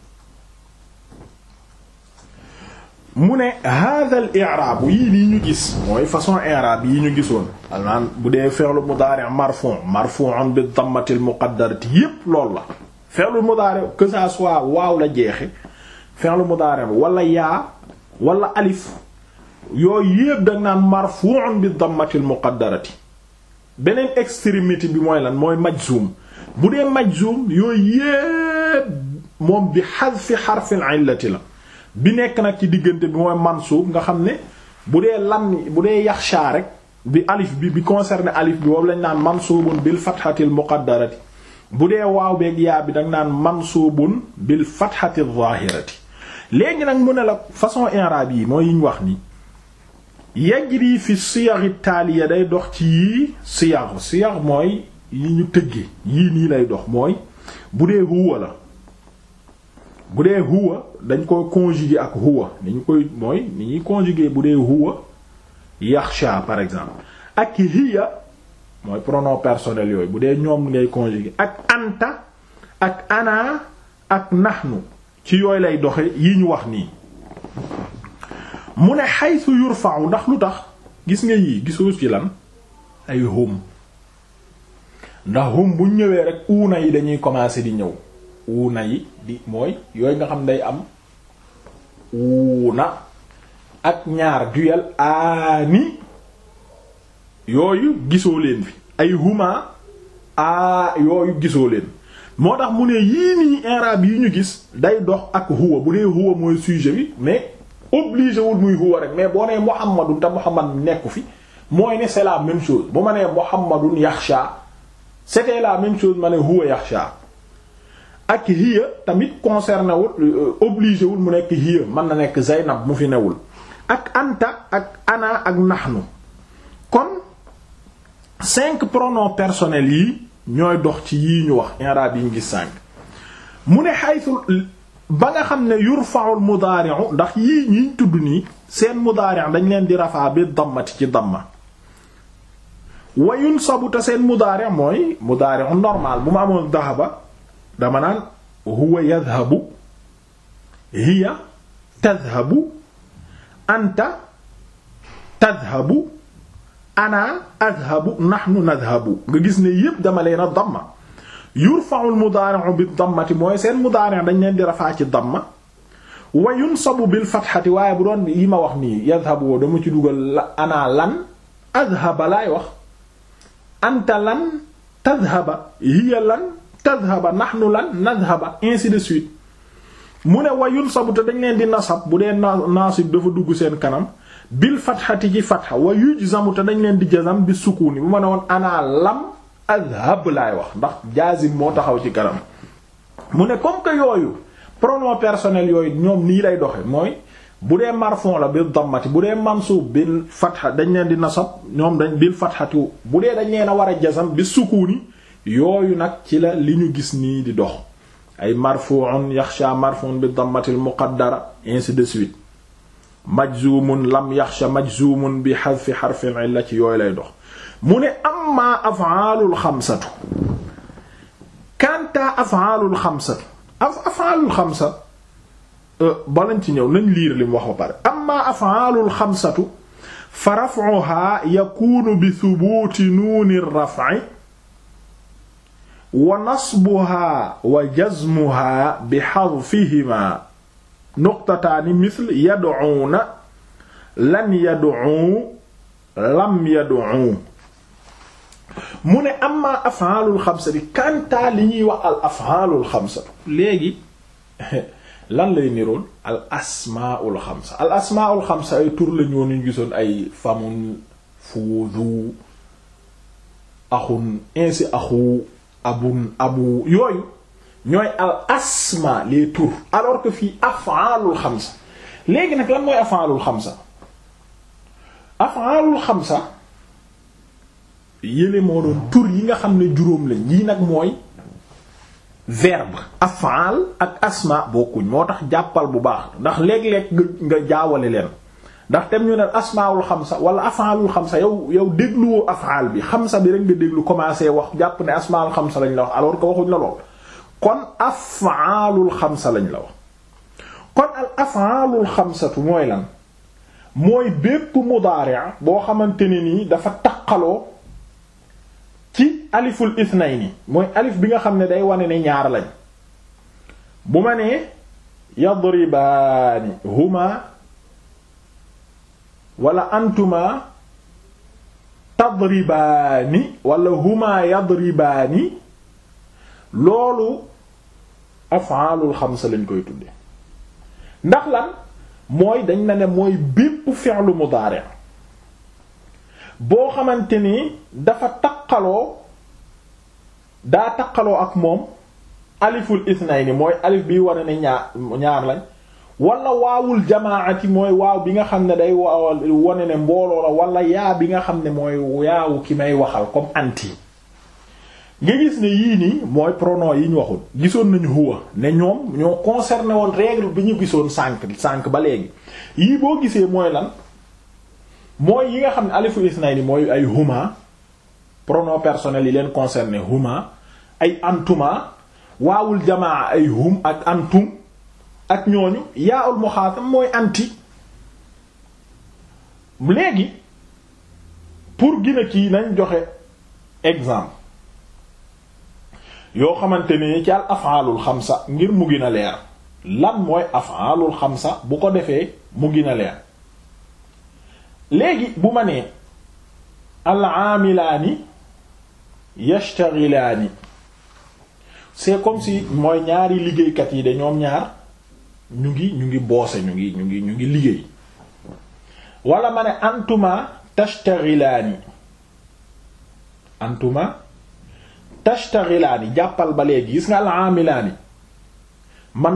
mu ne hada al iraabu yii nii ñu gis mooy façon iraab yi ñu gisoon almaan bu dee fi'lu mudaari' marfon marfoon biddammati almuqaddarati yépp loolu la fi'lu mudaari' que ça soit waaw la jeexe fi'l mudaari' wala yaa wala alif yooyu yépp da nga naan marfu'un bi dammatil muqaddarati beneen extrémité bi mooy lan mooy majzum bu dee majzum yooyu yépp moom bi hadfi harfil illati la bi nekk nag ci diggante bi mooy mansuub nga xam ne bu dee lam bu dee yaxsha rek bi alif bi bi concerné alif bi boobu lañ naan mansuubun bil fathatil muqaddarati bu dee waaw beeg yaa bi danga naan mansuubun bil fathatil zaahirati léegi nag mu ne la façon i'rab yi mooy yiñ wax ni yajri fi siyaghi taaliya day dox ci yii siyagh siyagh mooy yi ñu tëggee yii nii lay dox mooy bu dee huwa la bu dee huwa dañ koy conjuguer ak huwa ni ñu koy mooy ni ñuy conjuguer bu dee huwa yaxsha par exemple ak hiya mooy pronom personnel yooyu bu dee ñoom ngay conjuguer ak anta ak anaa ak nahnu ci yooyu lay doxe yi ñu wax nii mu ne yur yurfa'u ndax lu tax gis nga yii gisoo ci lan ay hum ndax hum buñ ñëwee rek uuna yi dañuy commencer di ñëw uuna yi di mooy yooyu nga xam day am uuna ak ñaar duel ni yooyu gisoo leen fi ay huma aa yooyu gisoo leen moo tax mu ne yii nii i'rab yi ñu gis day dox ak huwa bu dee huwa mooy sujet bi mais obligé wul muy huwa rek mais boo nee muhammadun te muhammad nekku fi mooy ne c'est la même chose bu ma nee muhammadun yaxsha c'était la même chose ma ne huwa yaxsha ak hiya tamit concerné wul euh, obligé wul mu nekk hiya mën na nekk zaynab mu fi newul ak anta ak ana ak nahnu kon cinq pronoms personnels yi ñooy dox ci yii ñu wax i'rab yi ngi sànk mu ne haythu ba nga xam ne yurfa'u al-mudaari'u ndax yii ñiñ tudd nii seen mudaari' dañ leen di rafaa bi dammati ci damma wa yunsabu te seen mudaari' mooy mudaari'u normal bu ma amoon dahaba dama naan huwa yadhabu hiya tadhabu anta tadhabu ana adhabu nahnu nadhabu nga gis ne yépp dama leen a damma yurfa'u al-mudaari'u bid-dammati mooy seen mudaari' dañ leen di rafaa ci damma wa yunsabu bil-fathati waaye bu doon yi ma wax nii yadhabu dama ci dugal ana lan adhaba laay wax anta lan tadhaba hiya lan tadhaba nahnu lan nadhaba ainsi de suite mu ne wa yunsabu te dañ leen di nasab bu dee naasib dafa dugg seen kanam bil fatxati ci fatxa wa yujzamu te dañ leen di jazam bi sukuni bu ma ne woon ana lam adhab laay wax ndax jaazim moo taxaw ci kanam mu ne comme yooyu pronom personnel yooyu ñoom nii lay doxe mooy bu dee marfon la bil dammati bu dee mansuub bil fatxa dañ leen di nasab ñoom dañ bil fatxati bu dee dañ leen a war a jazam bi sukuni yooyu nag ci la li ñu gis nii di dox ay marfu'un yaxsha marfu'un bi dammatil muqaddara ainsi de suite majzumun lam yaxsha majzumun bi xadfi xarfil illa ci yooyu lay dox mu ne amma afaalul xamsatu kanta afaalul xamsatu af afaalul xamsa euh, balañ ci ñëw nañ liir lim wax ba pare amma afaalul xamsatu fa raf'uha yakunu bi thubuuti nuuni raf'i wa nasbuha wa jazmuha bi xadfihima nuqtataani misl yad'una lan yad'u lam yad'u mu ne amma af'alul xamsa kantaa li ñuy wax al af'alul léegi lan lay niroon al asmaul xamsa ay tur lañu woon ñu gisoon ay famun fuudu axun insi axu abun abu yooyu ñooy al asma les tours alors que fii af'alul xamsa léegi nag lan mooy af'alul xamsa af'alul xamsa yële moo doon tur yi nga xam ne juróom lañ lii nag mooy verbe af'al ak asma bokkuñ moo tax jàppal bu baax ndax léeg-léeg nga jaawale leen ndax tem ñu ne asmaul xamsa wala af'alul xamsa yow yow dégluwoo af'al bi xamsa bi rek nga déglu commencé wax jàpp ne asmaul xamsa lañ la wax alors que waxuñ la lool kon af'aalul xamsa lañ la kon al lu xamsatu mooy lan mooy bépp mudaari' boo xamante ni nii dafa taqaloo ci aliful ithnayni mooy alif bi nga xam ne day wane ne ñaar lañ bu ma nee yadribaani huma wala antuma tadribaani wala huma yadribaani loolu xam sa lañ koy tudde ndax lan mooy dañ na ne mooy bépp fi'lu mudaari boo xamante ni dafa taqaloo daa taqaloo ak moom aliful ni mooy alif bi wane ne ñaar ñaar lañ wala waawul jamaati mooy waaw bi nga xam ne day waawal wane ne mbooloo la wala yaa bi nga xam ne mooy yaawu ki may waxal comme anti nga gis ne yii nii mooy pronoms yi ñu waxul gisoon nañu huwa ne ñoom ñoo concerné woon règle bi ñu gisoon sànq sànq ba léegi yii boo gisee mooy lan mooy yi nga xam ne alifu ni mooy ay huma prono personnels yi leen concerné huma ay antuma waawul jamaa ay hum ak antum ak ñooñu yaawul muxaatam mooy anti léegi pour gina ci nañ joxe exemple yoo xamante ni ci al xam sax ngir mu gën a leer lan mooy xam sax bu ko defee mu gën na leer léegi bu ma nee al aamilaani yashtaghilaani c'est comme si mooy ñaari liggéeykat yi de ñoom ñaar ñu ngi ñu ngi boose ñu ngi ñu ngi ñu ngi liggéey wala ma ne antuma tashtaghilaani antuma tashtaxilaani jàppal ba léegi gis nga al aamilaani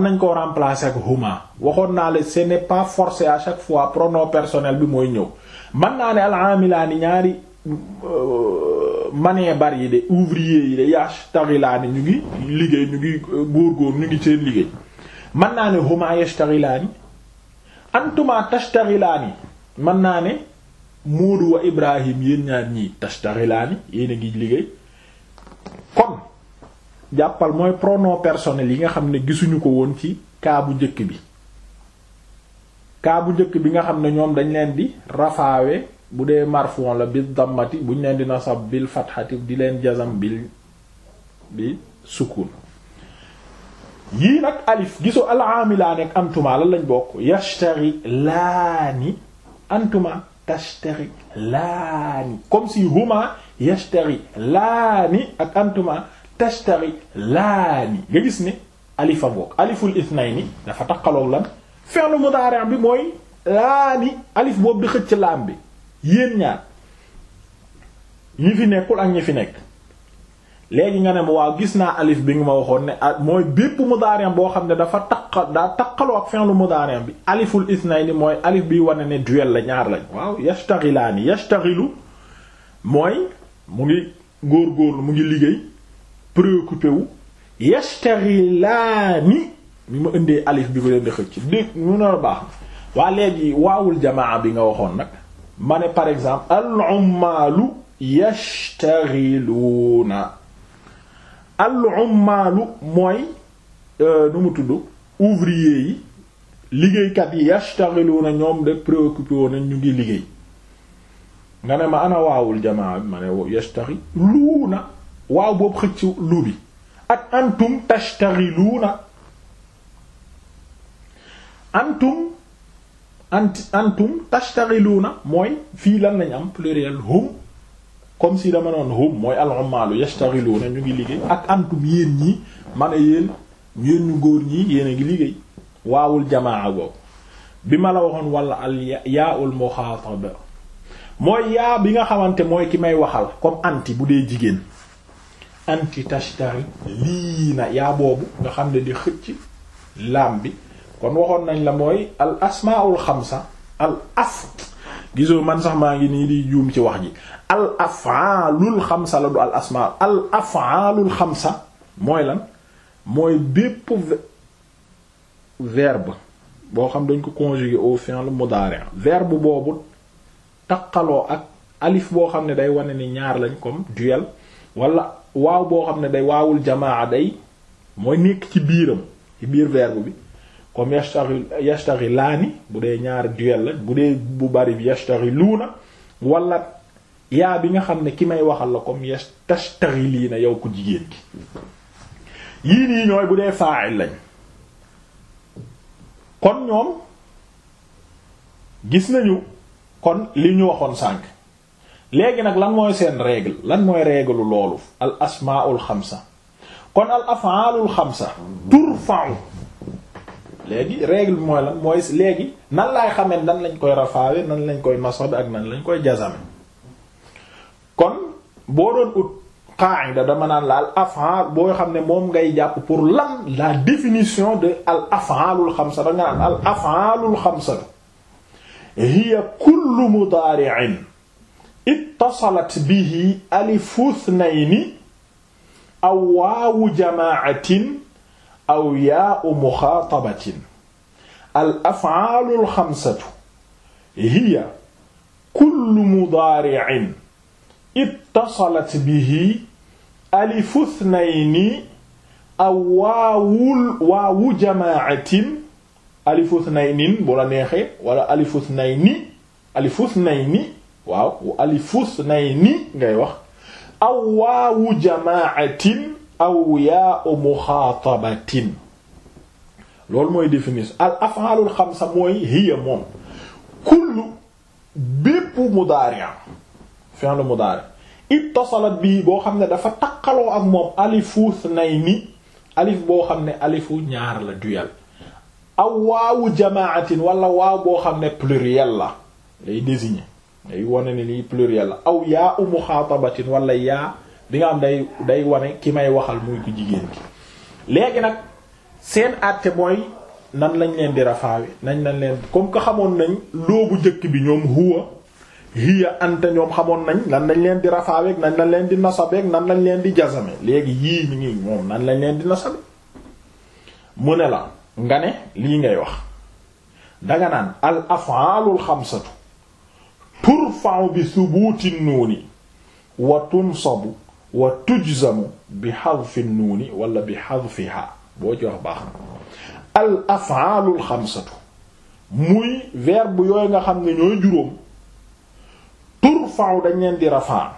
nañ ko remplacer ak huma waxoon naa la ce n'est pas forcé à chaque fois pronom personnel bi mooy ñëw mën naa ne al aamilaani ñaari euh, manee bar de ouvrier yi de yashtaxilaani ñu ngi liggéey ñu ngi euh, góorgóor ñu ngi seen liggéey mën naa ne huma yashtaxilaani antuma tashtaxilaani mën naa ne Moodu wa Ibrahim yéen ñaar ñii tashtaxilaani yéen a ngi liggéey jàppal mooy pronom personnel yi nga xam ne gisuñu ko woon ci cas bu bi kaabu jëkk bi nga xam ne ñoom dañ leen di rafaawe bu dee marfon la bi dammati buñ leen di nasab bil fatxati di leen jazam bil bi sukun yii nag alif gisu alaamilaani ak antuma la lañ bokk yashtari laani antuma tashtari laani comme si huma yashtari laani ak antuma tashtaxi laani nga gis ne alifa boog aliful ithnayni dafa taqaloog lan fi'lu mudari' bi mooy laani alif boobu di xëcc laam bi yéen ñaar ñi fi nekkul ak ñi fi nekk léegi nga ne ma waaw gis naa alif bi nga ma waxoon ne ah, mooy bépp mudari' boo xam ne dafa taq daa taqaloo ak fi'lu mudari' bi aliful ithnayni mooy alif bi wane ne duel la ñaar lañ waaw yashtaghilaani yashtaghilu mooy mu ngi góor góorlu mu ngi liggéey préoccupé wu yashtaghilaani bi ma indee alif bi ko leen di xëcc dé mu na baax na waa léegi waawul jamaa bi nga waxoon nag ma ne par exemple al-ummaalu yashtaghiluuna al-ummaalu euh, mu tudd ouvrier yi liggéeykat yi yashtaghiluuna ñoom de préoccupé woon nañ ñu ngi ne ma ana waawul waaw boobu xëcc lu bi ak antum tashtaghiluna antum ant antum tashtaghiluna mooy fii lan lañ am pluriel hum comme si dama noon hum mooy al-ummalu yashtaghiluna ñu ngi liggéey ak antum yéen ñi man a yéen ñu góor ñi yéen a ngi liggéey waawul jamaa boobu bi ma la waxoon walla al yaa'ul muxaataba mooy yaa bi nga xamante mooy ki may waxal comme anti bu dee jigéen anti tashtari lii na yaa boobu nga xam ne di xëcc laam bi kon waxoon nañ la mooy al asmaul xamsa al af gisoo man sax maa ngi nii di juum ci wax ji al afaalul xamsa la du al asmaa al afaalul xamsa mooy lan mooy bépp verbe boo xam dañ ko conjugué au fi'l mudari verbe boobu taqaloo ak alif boo xam ne day wane ni ñaar lañ comme duel wala waaw boo xam ne day waawul jamaa day mooy nekk ci biiram ci biir verbe bi comme yashtaghil yashtaghilaani bu dee ñaari duel la bu dee bu bari bi yashtaghiluuna wala yaa bi nga xam ne ki may waxal la comme yash tashtaghiluuna yow ku jigéen gi yii nii ñooy bu dee faa'il lañ kon ñoom gis nañu kon li ñu waxoon sànq léegi nag lan mooy seen règle lan mooy règle loolu al asmaul xamsa kon al afaalul xamsa turfa'u léegi règle bi mooy lan mooy léegi nan laay xamee nan lañ koy rafaawe nan lañ koy nasabe ak nan lañ koy jazame kon boo doon ut qaida dama naan la al afaal boo xam ne moom ngay jàpp pour lan la définition de al afaalul xamsa da naan al afaalul xamsa hiya kullu mudaari'in ittasalat bihi alifu thnayni aw waawu jamaatin aw yaau muxaatabatin al af'aalu alxamsatu hiya kullu mudaari'in ittasalat bihi alifu thnayni aw waawul waawu jamaatin alifu thnaynin bu la neexee wala alifu thnayni alifu thnayni waaw alifus nay ni ngay wax aw waawu jamaatin aw yaau muxaatabatin loolu mooy définition al xam xamsa mooy hiya moom kullu bépp mudaari' fi'l mudaari' ittasalat bii boo xam ne dafa taqaloo ak moom alifus ni alif boo xam ne alifu ñaar la duyal aw waawu jamaatin wala waaw boo xam ne pluriel la lay désigner day wane ne lii pluriel la aw yaa u muxaatabatin wala yaa bi nga am day day wane ki may waxal muy ko jigéen ki léegi nag seen àtte mooy nan lañ leen di rafaawe nañ nañ leen comme que xamoon nañ loobu njëkk bi ñoom huwa hiya anta ñoom xamoon nañ nan lañ leen di rafaaweeg nan lañ leen di nasabeeg nan lañ leen di jazame léegi yii mi ngi moom nan lañ leen di nasabe mu ne la nga ne lii ngay wax danga naan al af'alul xamsatu turfa'u bi thubuuti nuuni wa tunsabu wa tujzamu bi hadfi nuuni wala bi hadfiha boo ci wax baax al af'aalu al xamsatu muy verbe yooyu nga xam ne ñooy juróom turfa'u dañ leen di rafaa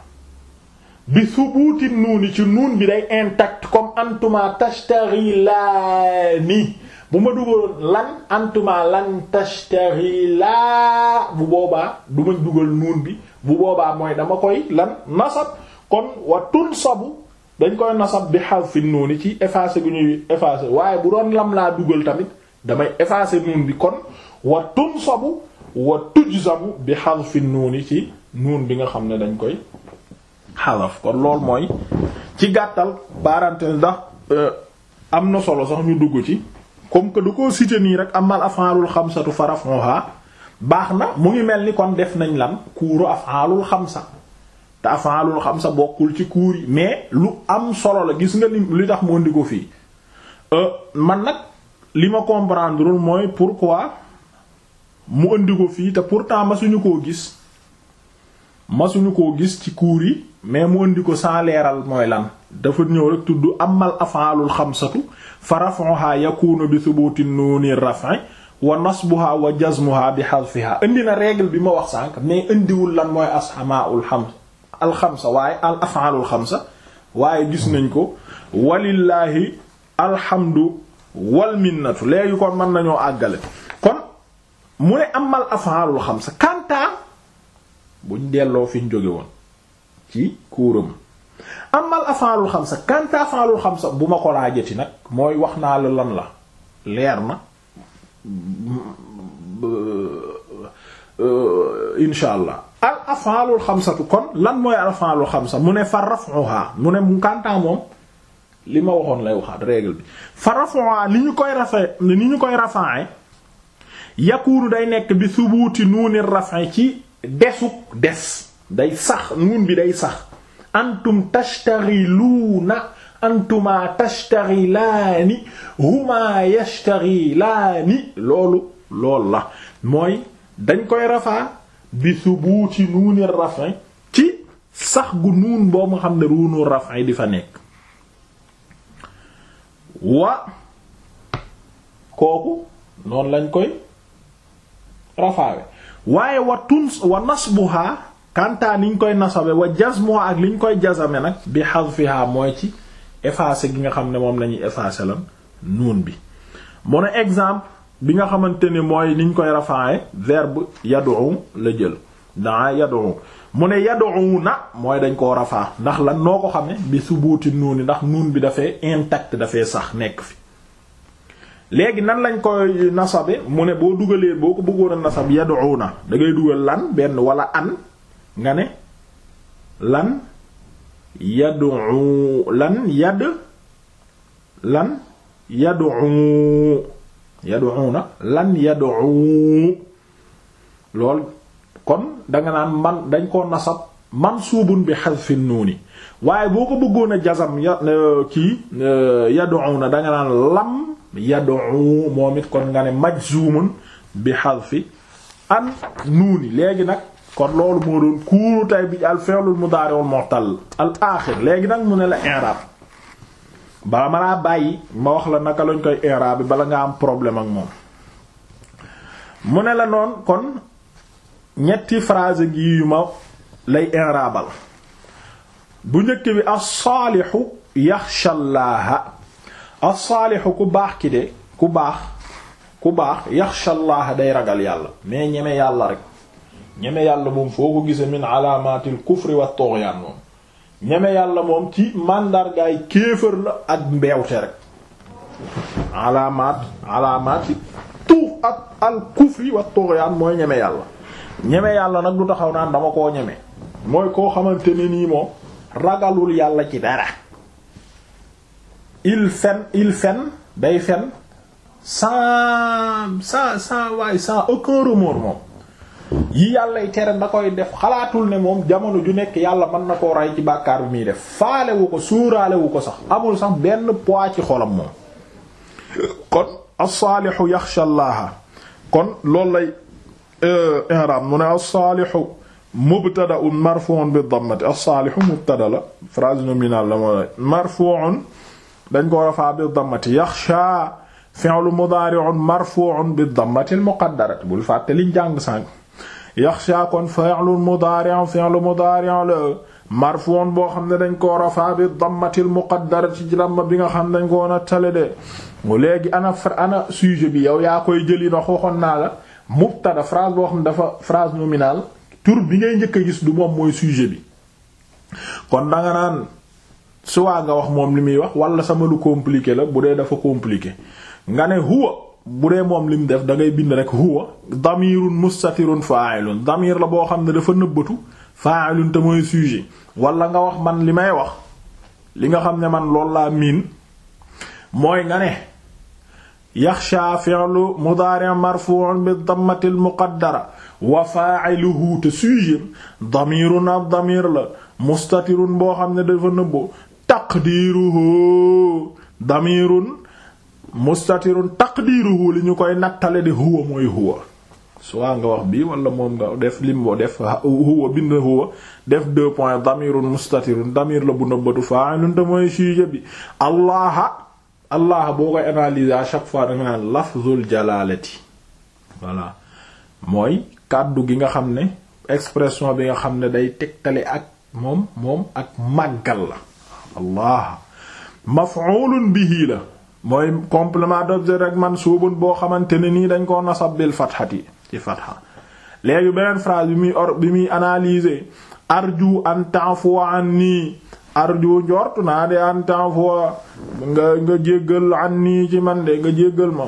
bi thubuuti nuuni ci nuun bi day intact comme antuma tashtaghilani bu ma dugaloon lan antuma lan tashtari laa bu boobaa du ma dugal nuun bi bu boobaa mooy dama koy lan nasab kon wa tunsabu dañ koy nasab bi xaw harfi nuuni ci effacé gu ñuy effacé waaye bu doon lam laa dugal tamit damay effacé nuun bi kon wa tunsabu wa tujzamu bi harfi nuuni ci nuun bi nga xam ne dañ koy xalaf kon loolu mooy ci gàttal parenthèse ndax euh, am na solo sax ñu dugg ci comme que du ko cité nii rek amal af'alul xamsatu farafuha baax na mu ngi mel ni kon def nañ lan kuuru af'alul xamsa te af'alul xamsa bokkul ci kuur yi mais lu am solo la gis nga ni li tax mu indi ko fii euh, man nag li ma comprendre mooy pourquoi mu indi ko fii te pourtant masuñu koo gis masuñu koo gis ci kuur yi mais mu indi ko sanleeral mooy lan dafa ñëw rek tudd amal af'alul xamsatu fa raf'uha yakunu bi thubuti nuuni raf'i wa nasbuha wa jazmuha bi bi ma wax sànq mais indiwul lan mooy asmaa'ul xamsa alxamsa waaye al af'aalul xamsa waaye gis nañ ko walillaahi alhamdu wal minnatu léegi kon mën nañoo àggale kon mu ne amal af'aalul xamsa kantaa buñ delloo fi ñu jóge woon ci kuuram am amal afaalul xamsa kanta afaalul xamsa bu ma ko laajati nag mooy wax naa la lan la leer na euh, insha allah al afaalul xamsatu kon lan mooy al afaalul xamsa mu ne fa rafuha mu ne mu kanta moom li ma waxoon lay waxaat règle bi fa rafuha li ñu koy rafe li ñu koy rafae yakuunu day nekk bi subuuti nuuni rafe ci desuk des day sax nuun bi day sax antum tashtaghiluuna antuma tashtaghilaani huma yashtaghilaani loolu loolu la mooy dañ koy rafaa bi subuuti nuuni raf'i ci sax gu nuun boo mu xam ne ruunu raf'i di fa nekk wa kooku noonu lañ koy rafaawe waaye wa tuns wa nasbuha kantaa niñ koy nasabe wa jazmoo ak liñ koy jazame nag bi hadfiha mooy ci effacé gi nga xam ne moom lañuy effacé lan nuun bi mu ne exemple bi nga xamante ni mooy niñ koy rafae verbe yad'u la jël daa yad'u mu ne yad'una mooy dañ koo rafaa ndax lan noo ko xame bi su buuti subuuti yi ndax nuun bi dafay intact dafay sax nekk fi léegi nan lañ koy nasabe mu ne boo dugalee boo ko bëggoon nasab nasab yad'una na dangay dugal lan benn wala an nga ne lan yadu lan yad lan yadu yadu na lan yadu lool kon danga naan man dañ koo nasab suubun bi xadfin nuuni waaye boo ko bëggoon a jazam ya kii yadu na danga naan lam yadu moom it kon nga ne majzumun bi xadfi an nuuni léegi nag kon loolu moo doon kuuru tay bi al fi'lul mudaari'ul mu'tal al aaxir léegi nag mu ne la i'raab bala ma laa bàyyi ma wax la naka lañ koy i'raab bi bala nga am problème ak moom mu ne la noon kon ñetti phrase gi yu ma lay i'raabal bu njëkk bi as-saalihu yaxshallaaha as-saalihu ku baax ki de ku baax ku baax yaxshallaaha day ragal yàlla mais ñeme yàlla rek ñeme yàlla moom foo ko gise min alaamatil kufri wa moom ñeme yàlla moom ci màndargaay kéefër la ak mbeewte rek alaamaat alaamaati tuuf ak al kufri wa mooy ñeme yàlla ñeme yàlla nag du taxaw naan dama koo ñeme mooy koo xamante ne nii moom ragalul yàlla ci dara il fen il fen day fen sans sans sans waaye sans aucun remords moom yi yàllay tere na koy def xalaatul ne moom jamono ju nekk yàlla man na koo rey ci bàkkaar bi muy def faale wu ko suuraale wu ko sax amul sax benn poids ci xolam moom kon as-saalihu yaxsha kon loolu lay euh, i'raab mu ne as-saalihu mubtada'un marfu'un bi dammati as-saalihu mubtada la phrase nominale la moo marfu'un dañ ko rafaa bi dammati yaxsha fi'lu mudaari'un marfu'un bi dammati muqaddarati bul fàtte liñ jàng sànq yaxsha kon fi'lun mudaari'un fi'lu mudaari'un la marfuun boo xam ne dañ ko rafaa bi dammatil muqaddara ci damma bi nga xam ne dañ ko wona tale de mu léegi ana ana sujet bi yow yaa koy jëli ndax waxoon naa la mubtada phrase boo xam ne dafa phrase nominale tur bi ngay njëkk a gis du moom mooy sujet bi kon danga naan suwaa nga wax moom li muy wax wala sama lu compliqué la bu dee dafa compliqué nga ne huwa bu dee moom lim def da ngay bind rek huwa damirun mustatirun fa'ilun damir la boo xam ne dafa nëbbatu fa'ilun te mooy sujet wala nga wax man li may wax li nga xam ne man loolu laa miin mooy nga ne yaxsha fi'lu mudari' marfu'un bi dammati al muqaddara wa fa'iluhu te sujet damirun ab damir la mustatirun boo xam ne dafa nëbbu taqdiruhu damirun mustatirun taqdiruhu li ñu koy nattale di huwa mooy huwa soit nga wax bii wala moom nga def lim def huwa bind huwa def deux points damirun mustatirun damir la bu nëbbatu fa'ilun te mooy sujet bi allaha allah boo koy analyser à chaque fois danga naan lafzul jalalati voilà mooy kàddu gi nga xam ne expression bi nga xam ne day tegtale ak moom moom ak màggal la allah maf'ulun bihi la mooy complément d'objet rek man suubun boo xamante ne nii dañ koo nasab bil yi ci fatxa léegi beneen phrase bi muy or bi muy analyser arju an ta'fuwa anni arju njort naa de an ta'fuwa nga nga jéggal anni ci man de nga jéggal ma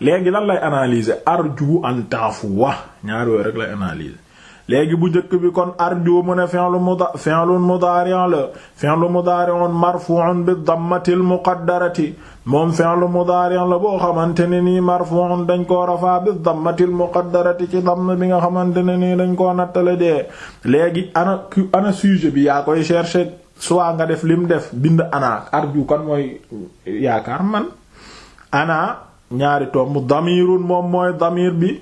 léegi lan lay analyser arju an ta'fuwa ñaar yooyu rek lay analyser léegi bu njëkk bi kon arju mu ne fi'lu muda fi'lun mudaari'un la fi'lu mudaari'un marfu'un bi dammatil muqaddarati moom fi'lu mudaari'un la boo xamante ne nii marfu'un dañ koo rafaa bi dammatil muqaddarati ci damm bi nga xamante ne nii dañ koo nattale dee léegi ana ana sujet bi yaa koy chercher soit nga def lim def bind ana arju kan mooy yaakaar man ana ñaari tomb damirun moom mooy damir bi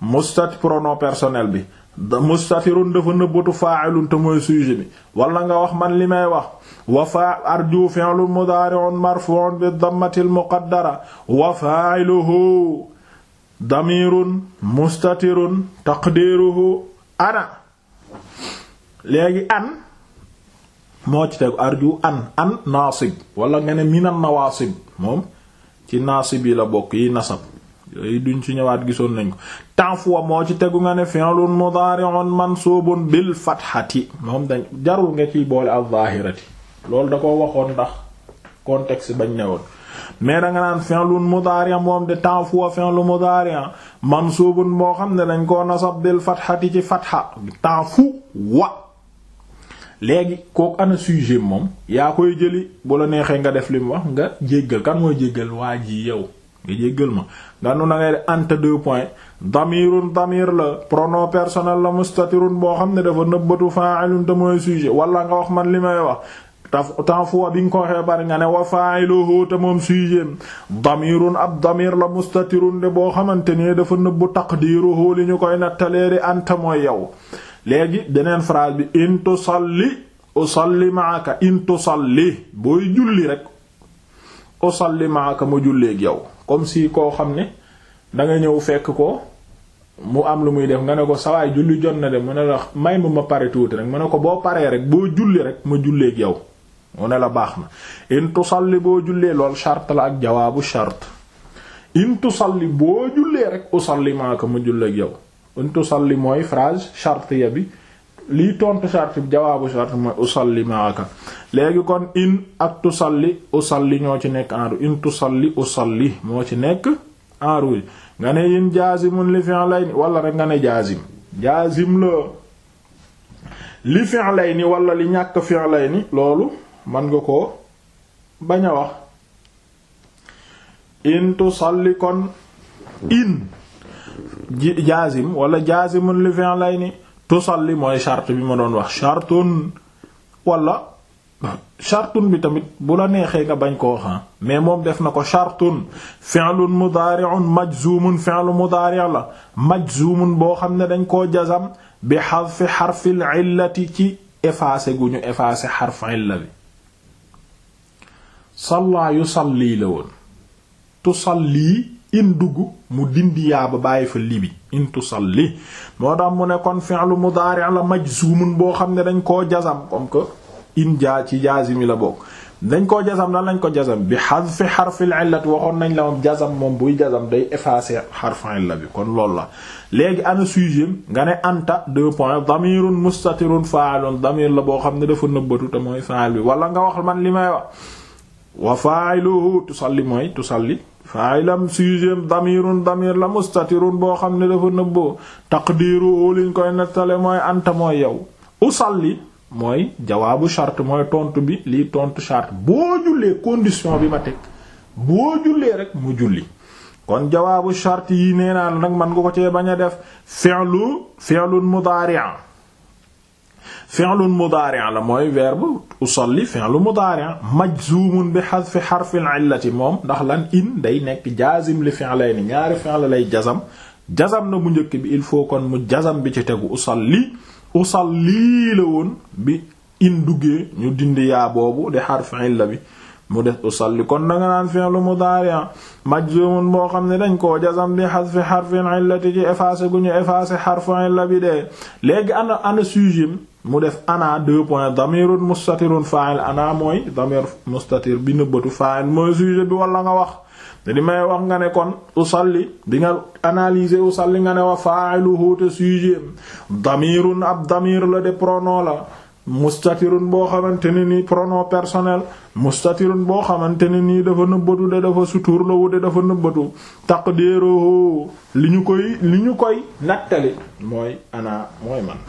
mustat pronom personnel bi mustatirun dafa nëbbatu fa'ilun te mooy sujet bi wala nga wax man li may wax wa fa arju fi'lun mudari'un marfu'un bi dammati muqaddara wa fa'iluhu damirun mustatirun taqdiruhu ana léegi an moo ci tegu arju an an naasib wala nga ne minan nawaasib moom ci naasib yi la bokk yi nasab yooyu duñ ci ñëwaat gisoon nañ ko ta'fuwa moo ci tegu nga ne fi'lun mudari'un mansubun bil fathati moom dañ jarul nga ciy boole ak zahirati loolu da koo waxoon ndax contexte bañ newoon mais da nga naan fi'lun mudari'un moom de ta'fuwa fi'lun mudari'un mansubun moo xam ne dañ koo nasab bil fathati ci fatha ta'fuwa léegi kooku ana sujet moom yaa koy jëli bu la neexee nga def li wax nga jéggal kan mooy jéggal waa ji yow nga jéggal ma nga na ngay anta deux points damirun damir la pronom personnel la boo xam ne dafa nëbbatu fa'ilun te wala nga wax man li may wax temps fois bi nga ko waxee bari nga ne wa fa'iluhu te moom sujet damirun ab damir la mustatirun boo xamante ne dafa nëbbu taqdiruhu li ñu koy nattalee di anta mooy yow léegi deneen phrase bi in tusalli li ma'aka in tusalli booy julli rek usalli ma'aka ma julleeg yow comme si koo xam ne da nga ñëw fekk ko mu am lu muy def nga ne ko sawaay julli jot na de mu ne la may mu ma pare tuuti rek mu ne ko boo paree rek boo julli rek ma jullee yow mu ne la baax na in tusalli boo jullee lool charte la ak jawaabu chart in tusalli boo jullee rek usalli maaka ma jullee yow in li mooy phrase charte ya bi lii tontu charte bi jawaabu charte mooy usalli maaka léegi kon in ak tusalli usalli ñoo ci nekk en rouge in tusalli li moo ci nekk en rouge nga ne in jazimun li fi'layni wala rek nga ne jazim jazim la li fi'layni wala li ñàkk fi'layni loolu mën nga ko baña wax wax in tusalli kon in jazim wala jazimun li fi'layni li mooy chart bi ma doon wax chartun wala shartun bi tamit bu la neexee nga bañ koo xam mais moom def na ko shartun fi'lun mudari'un majzumun fi'lu mudari' la majzumun boo xam ne dañ koo jasam bi hadfi ci effacé gu ñu effacé xarf illa bi salla yusalli dugg mu dindi yaa bàyyi fa libi in tusalli moo tax mu ne kon fi'lu mudari' la majzumun boo xam ne dañ koo jazam comme in jaa ci jaazimi la bokk dañ koo jazam nan lañ ko jazam bi hadfi xarfil illati waxoon nañ la moom jazam moom buy jazam day effacer xarfin illa bi kon loolu la léegi ana sujet nga ne anta deux points damirun mustatirun fa'ilun damir la boo xam ne dafa nëbbatu te mooy fa'il bi wala nga wax man li may wax wa fa'iluhu tusalli mooy tusalli fa'ilam sujet damirun damir la mustatirun boo xam ne dafa nëbboo taqdiruhu liñ koy nettale mooy anta mooy yow usalli mooy jawaabu chart mooy tontu bi lii tontu charte boo jullee condition bi ma teg boo jullee rek mu julli kon jawaabu chart yi neenaan la nag man nga ko cee bañ a def fi'lu fi'lun mudari'an fi'lun mudari'an la mooy verbe usalli fi'lu mudari'an majzumun bi hadfi harfil illati moom ndax lan in day nekk jaazim li fi'layni ñaari fi'la lay jasam jazam na bu njëkk bi il faut kon mu jazam bi ci tegu usalli usalli la woon bi in duggee ñu dindi yaa boobu di xarf illa bi mu des usalli kon danga naan fi'lu mudari' majzumun boo xam ne dañ koo jazam bi hasfi harfin illati ci effacé gu ñu effacé harfu illa bi dee léegi ana ana sujet mu def ana deux points damirun mustatirun fa'il ana mooy damir mustatir bi nëbbatu fa'il mooy sujet bi wala nga wax te di may wax nga ne kon usalli di nga analyser usalli nga ne wax wa fa'iluhu a sujet damirun ab damir la de pronom la mustatirun boo xamante ne nii pronom personnel mustatirun boo xamante ne nii dafa nëbbatu de dafa sutur la wu de dafa nëbbatu taqdiruhu li ñu koy li ñu koy nattali mooy ana mooy man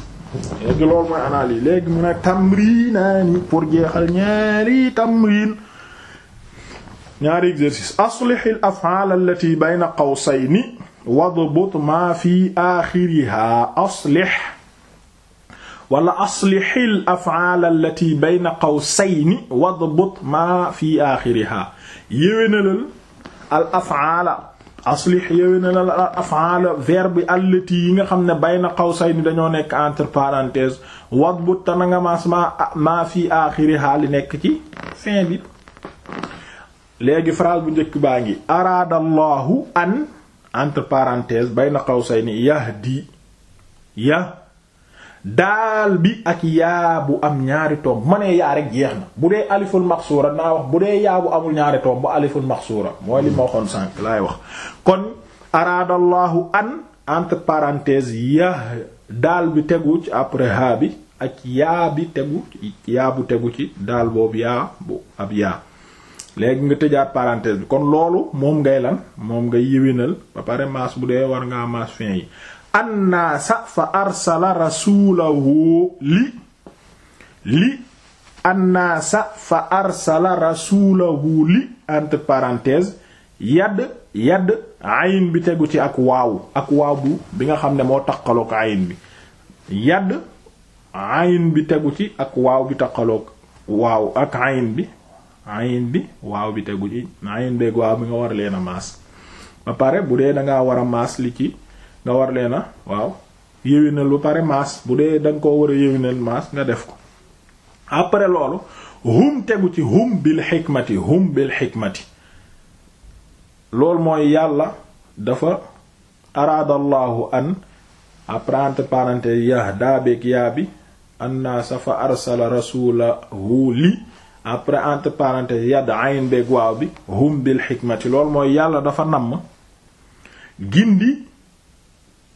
léegi loolu mooy analyse léegi mu ne tamrinaani pour jeexal ñaari tamrin ñaari exercice aslihil af'al allati bayna qawsayni wadbut ma fi axiriha aslih wala aslihil af'al allati bayna qawsayni wadbut ma fi axiriha yéwénalal al af'ala aslih yéwénalal al af'ala verbe allati yi nga xam ne bayna qawsayni dañoo nekk entre parenthèses wadbut ta nga maas ma ma fi axiriha li nekk ci fin bi léegi phrase bu njëkk baa ngi araadallahu an entre parenthèses bayna qawsayni yahdi ya daal bi ak yaa bu am ñaari tomb ma nee yaa rek jeex na bu dee aliful maxsuura naa wax bu dee yaa bu amul ñaari tomb bu aliful maksuura mooy li ma waxoon laay wax kon araadallahu an entre parenthèses yah daal bi tegu ci après haa bi ak yaa bi tegu yaa bu tegu ci daal boobu yaa bu ab yaa léegi nga tëjaat parenthèse bi kon loolu moom ngay lan moom ngay yéwinal ba pare maas bu dee war ngaa maas fin yi annaasa fa arsala rasulahu li li annaasa fa arsala rasulahu li entre parenthèse yadd yadd ayin bi tegu ci ak waaw ak waaw bu bi nga xam ne moo taqaloog ayin bi yadd ayin bi tegu ci ak waaw bi taqaloog waaw ak ayin bi ayin bi waaw bi tegu ci ayin beeg waaw bi nga war leen a maas ba pare bu dee da ngaa war a maas li ci nga war leen a waaw yéwénal ba pare maas bu dee danga nga koo war a yéwénal maas nga def ko après loolu hum tegu ci hum bil xikmati hum bil xikmati loolu mooy yàlla dafa araadallahu an apprente parenté yah daabeeg yaa bi annaasa fa arsala rasulahu li après entre parenthèses yadd ayin waaw bi hum bil xikmati loolu mooy yàlla dafa namm gindi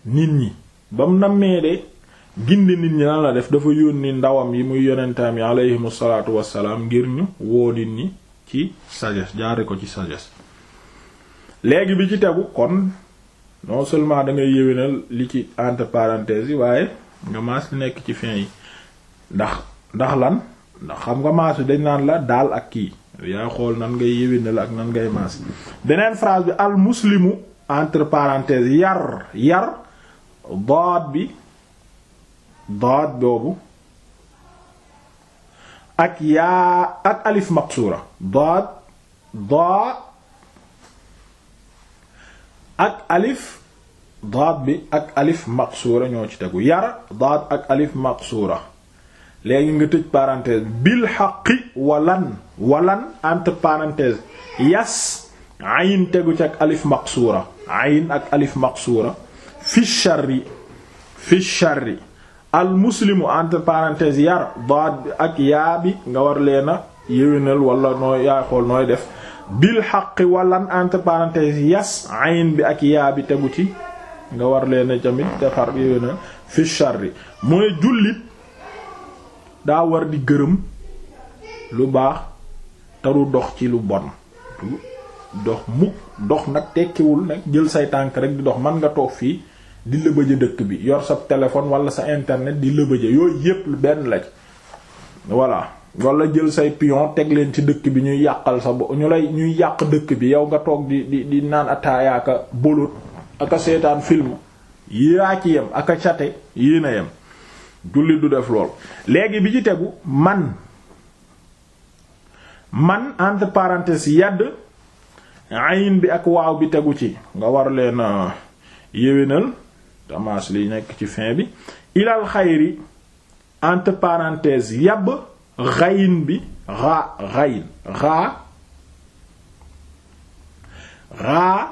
nit ñi bam nammee de gindi nit ñi lan def dafa yónni ndawam yi muy yonentaam yi aleyhimu salaatu wassalaam ngir ñu woo nit ñi ci sagesse jaare ko ci sagesse léegi bi ci tegu kon non seulement da ngay li ci entre yi waaye nga maas li nekk ci fin yi ndax ndax lan ndax xam nga maas bi dañ naan la daal ak kii yaa xool nan ngay yéwénal ak nan ngay maas beneen phrase bi al muslimu entre parenthèses yar yar daad bi daad boobu ak yaa ak alif maqsura daad daad ak alif daad bi ak alif maqsura ñoo ci tegu yar daad ak alif maqsura léegi nga tëj parenthèse bil xaqi walan walan entre yas ayin tegu ci ak alif maqsuura ayin ak alif maqsuura fi sharri fi sharri al muslimu entre parenthèse yar bi ak yaa bi nga war leena yéwénal wala nooy yaay nooy def bil xaqi walan entre yas ayin bi ak yaa bi tegu ci nga war leena tamit defar yéwénal fi sharri mooy jullit daa war di gërëm lu baax te du dox ci lu bon dox mukk dox nag tekkiwul nag jël say tànk rek di dox mën nga toog fii di lëbëje dëkk bi yor sa téléphone wala sa internet di lëbëje yooyu yépp benn la ci voilà wala jël say pion teg leen ci dëkk bi ñuy yàqal sa ñu lay ñuy yàq dëkk bi yow nga toog di di di naan ataayaaka bolot aka seetaan film yaa ci yem aka cate yéena yem jullit du def lool léegi bi ci tegu man man entre parenthèses yadd ayin bi ak waaw bi tegu ci nga war leen yéwénal tamaas li nekk ci fin bi ilal xayri entre parenthèses yàbb xayin bi raa xayin raa raa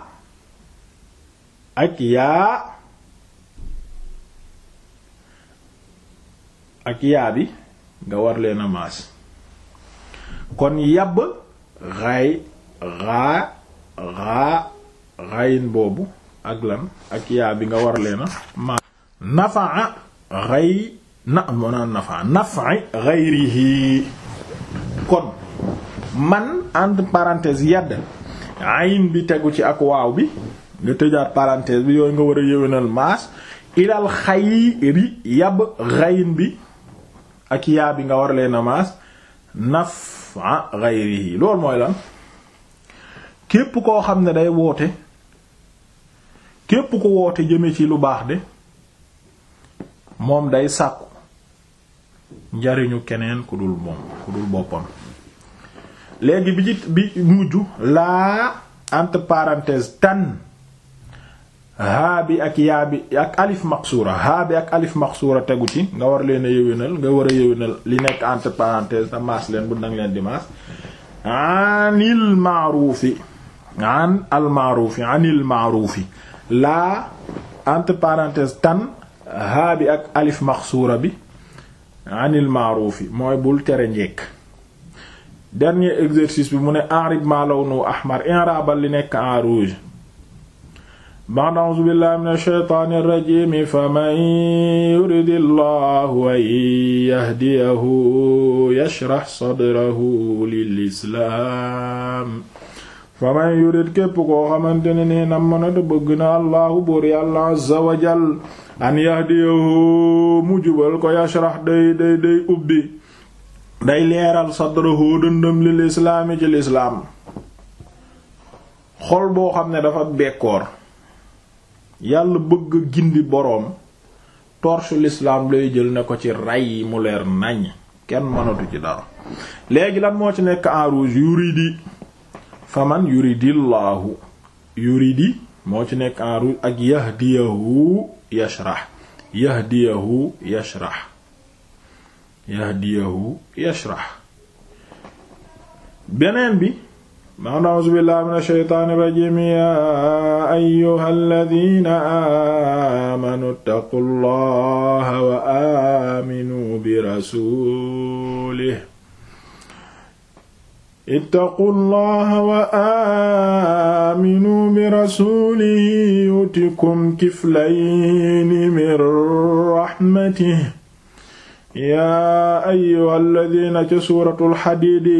ak yaa ak yaa bi nga war leen a maas kon yàbb xaay xaa xaa xaayin boobu ak lan ak yaa bi nga war leen a maas nafaa xay na moo naan nafaa nafai xayrihi kon man entre parenthèse yadd ayin bi tegu ci ak waaw bi nga tëjaat parenthèse bi yooyu nga war a yéwénal maas ilal xayri yàbb xayin bi ak yaa bi nga war leen a maas nafa ghayrihi lool mooy lan képp koo xam ne day woote képp ko woote jëme ci lu baax de moom day sàkku njariñu keneen ku dul moom ku dul boppam léegi bi ci bi mujj laa entre parenthèses haa bi ak bi ak alif maqsuura haa bi ak alif maqsuura tegu ci nga war leen a yëwénal nga war a yëwénal li nekk entre parenthèses te maas leen bu dang leen di maas anil maaruufi an al maaruufi anil maaruufi laa entre tan haa bi ak alif maqsuura bi anil maaruufi mooy bul tere njekk dernier exercice bi mu ne enrib ma lawnu ahmar i'rabal li nekk en rouge ba'd a'uuzu billaahi mina shaytaani rajiim faman yuridi llaahu an yahdiyahu yashrah sadrahu lil islaam faman yurid képp koo xamante ne nii nam mën a te azza wa an yahdiyahu mu jubal ko day day day ubbi day leeral sadrahu dëndëm lil islaami ci lislaam xol boo xam ne dafa yàlla bëgg gindi boroom torche l'islam lay jël ne ko ci ràyyi yi mu leer naññ kenn mënatu ci dara léegi lan moo ci nekk en rouge yuridi faman yuridillahu yuridi moo ci nekk en rouge ak yahdiyahu yashrah yahdiyahu yashrah yahdiyahu yashrah beneen bi man a'uuzu billahi mina shaytaani rajiim yaa ayyuhal laziina aamanu ittaqullaha wa aaminu bi rasuulihi ittaqullaha wa aaminu bi rasuulihi yu'tikum kiflayni min rahmatihi yaa ayyuhal laziina ca suuratul hadiid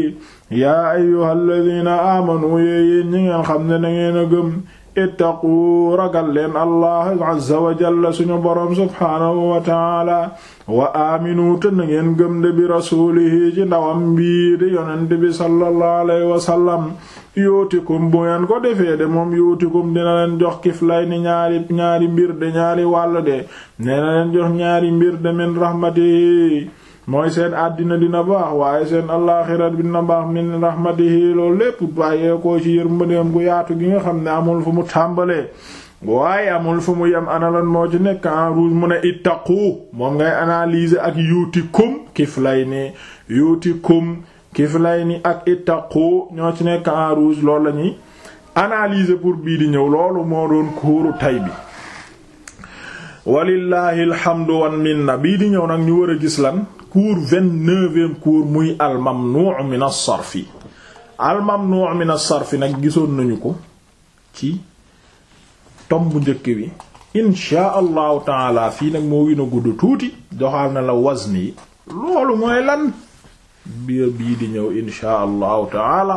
yaa ayyuhal ladina aamanu yéeyéen ñi ngeen xam ne dangeen a gëm ittaqu ragal leen allah azza wa jalla suñu boroom subhaanahu wa taala wa aaminu te na gëm de rasuulihi ci ndawam bii di yonent bi sallallahu alayhi wa sallam bu ngeen ko defee de moom yootikum dina leen jox kiflay ni ñaari ñaari mbir de ñaari wàll de dina leen jox ñaari mbir de min rahmatihi mooy seen àddina dina baax waaye seen allaaxirat bi dina baax min rahmatihi loolu lépp bàyyee koo ci yërmandeem gu yaatu gi nga xam ne amul fu mu tàmbalee waaye amul fu mu yem analan moo ci nekk en rouge mu ne ittaqu moom ngay analyser ak yuuti yuuti lay yuutikum kif lay ni ak ittaqu ñoo ci nekk en rouge loolu la ñuy analyser pour bii di ñëw loolu moo doon kuuru tay bi walillahi alhamdu wan minna bii di ñëw nag ñu war a gis lan cours vingt-neuvième cours muy almamnu' min as-sarfi almamnu' min as-sarfi nag gisoon nañu ko ci tom bu njëkk bi insha allahu taala fii nag moo gën a gudd tuuti joxaal na la wazni yi loolu mooy lan biir bii di ñëw insha allahu taala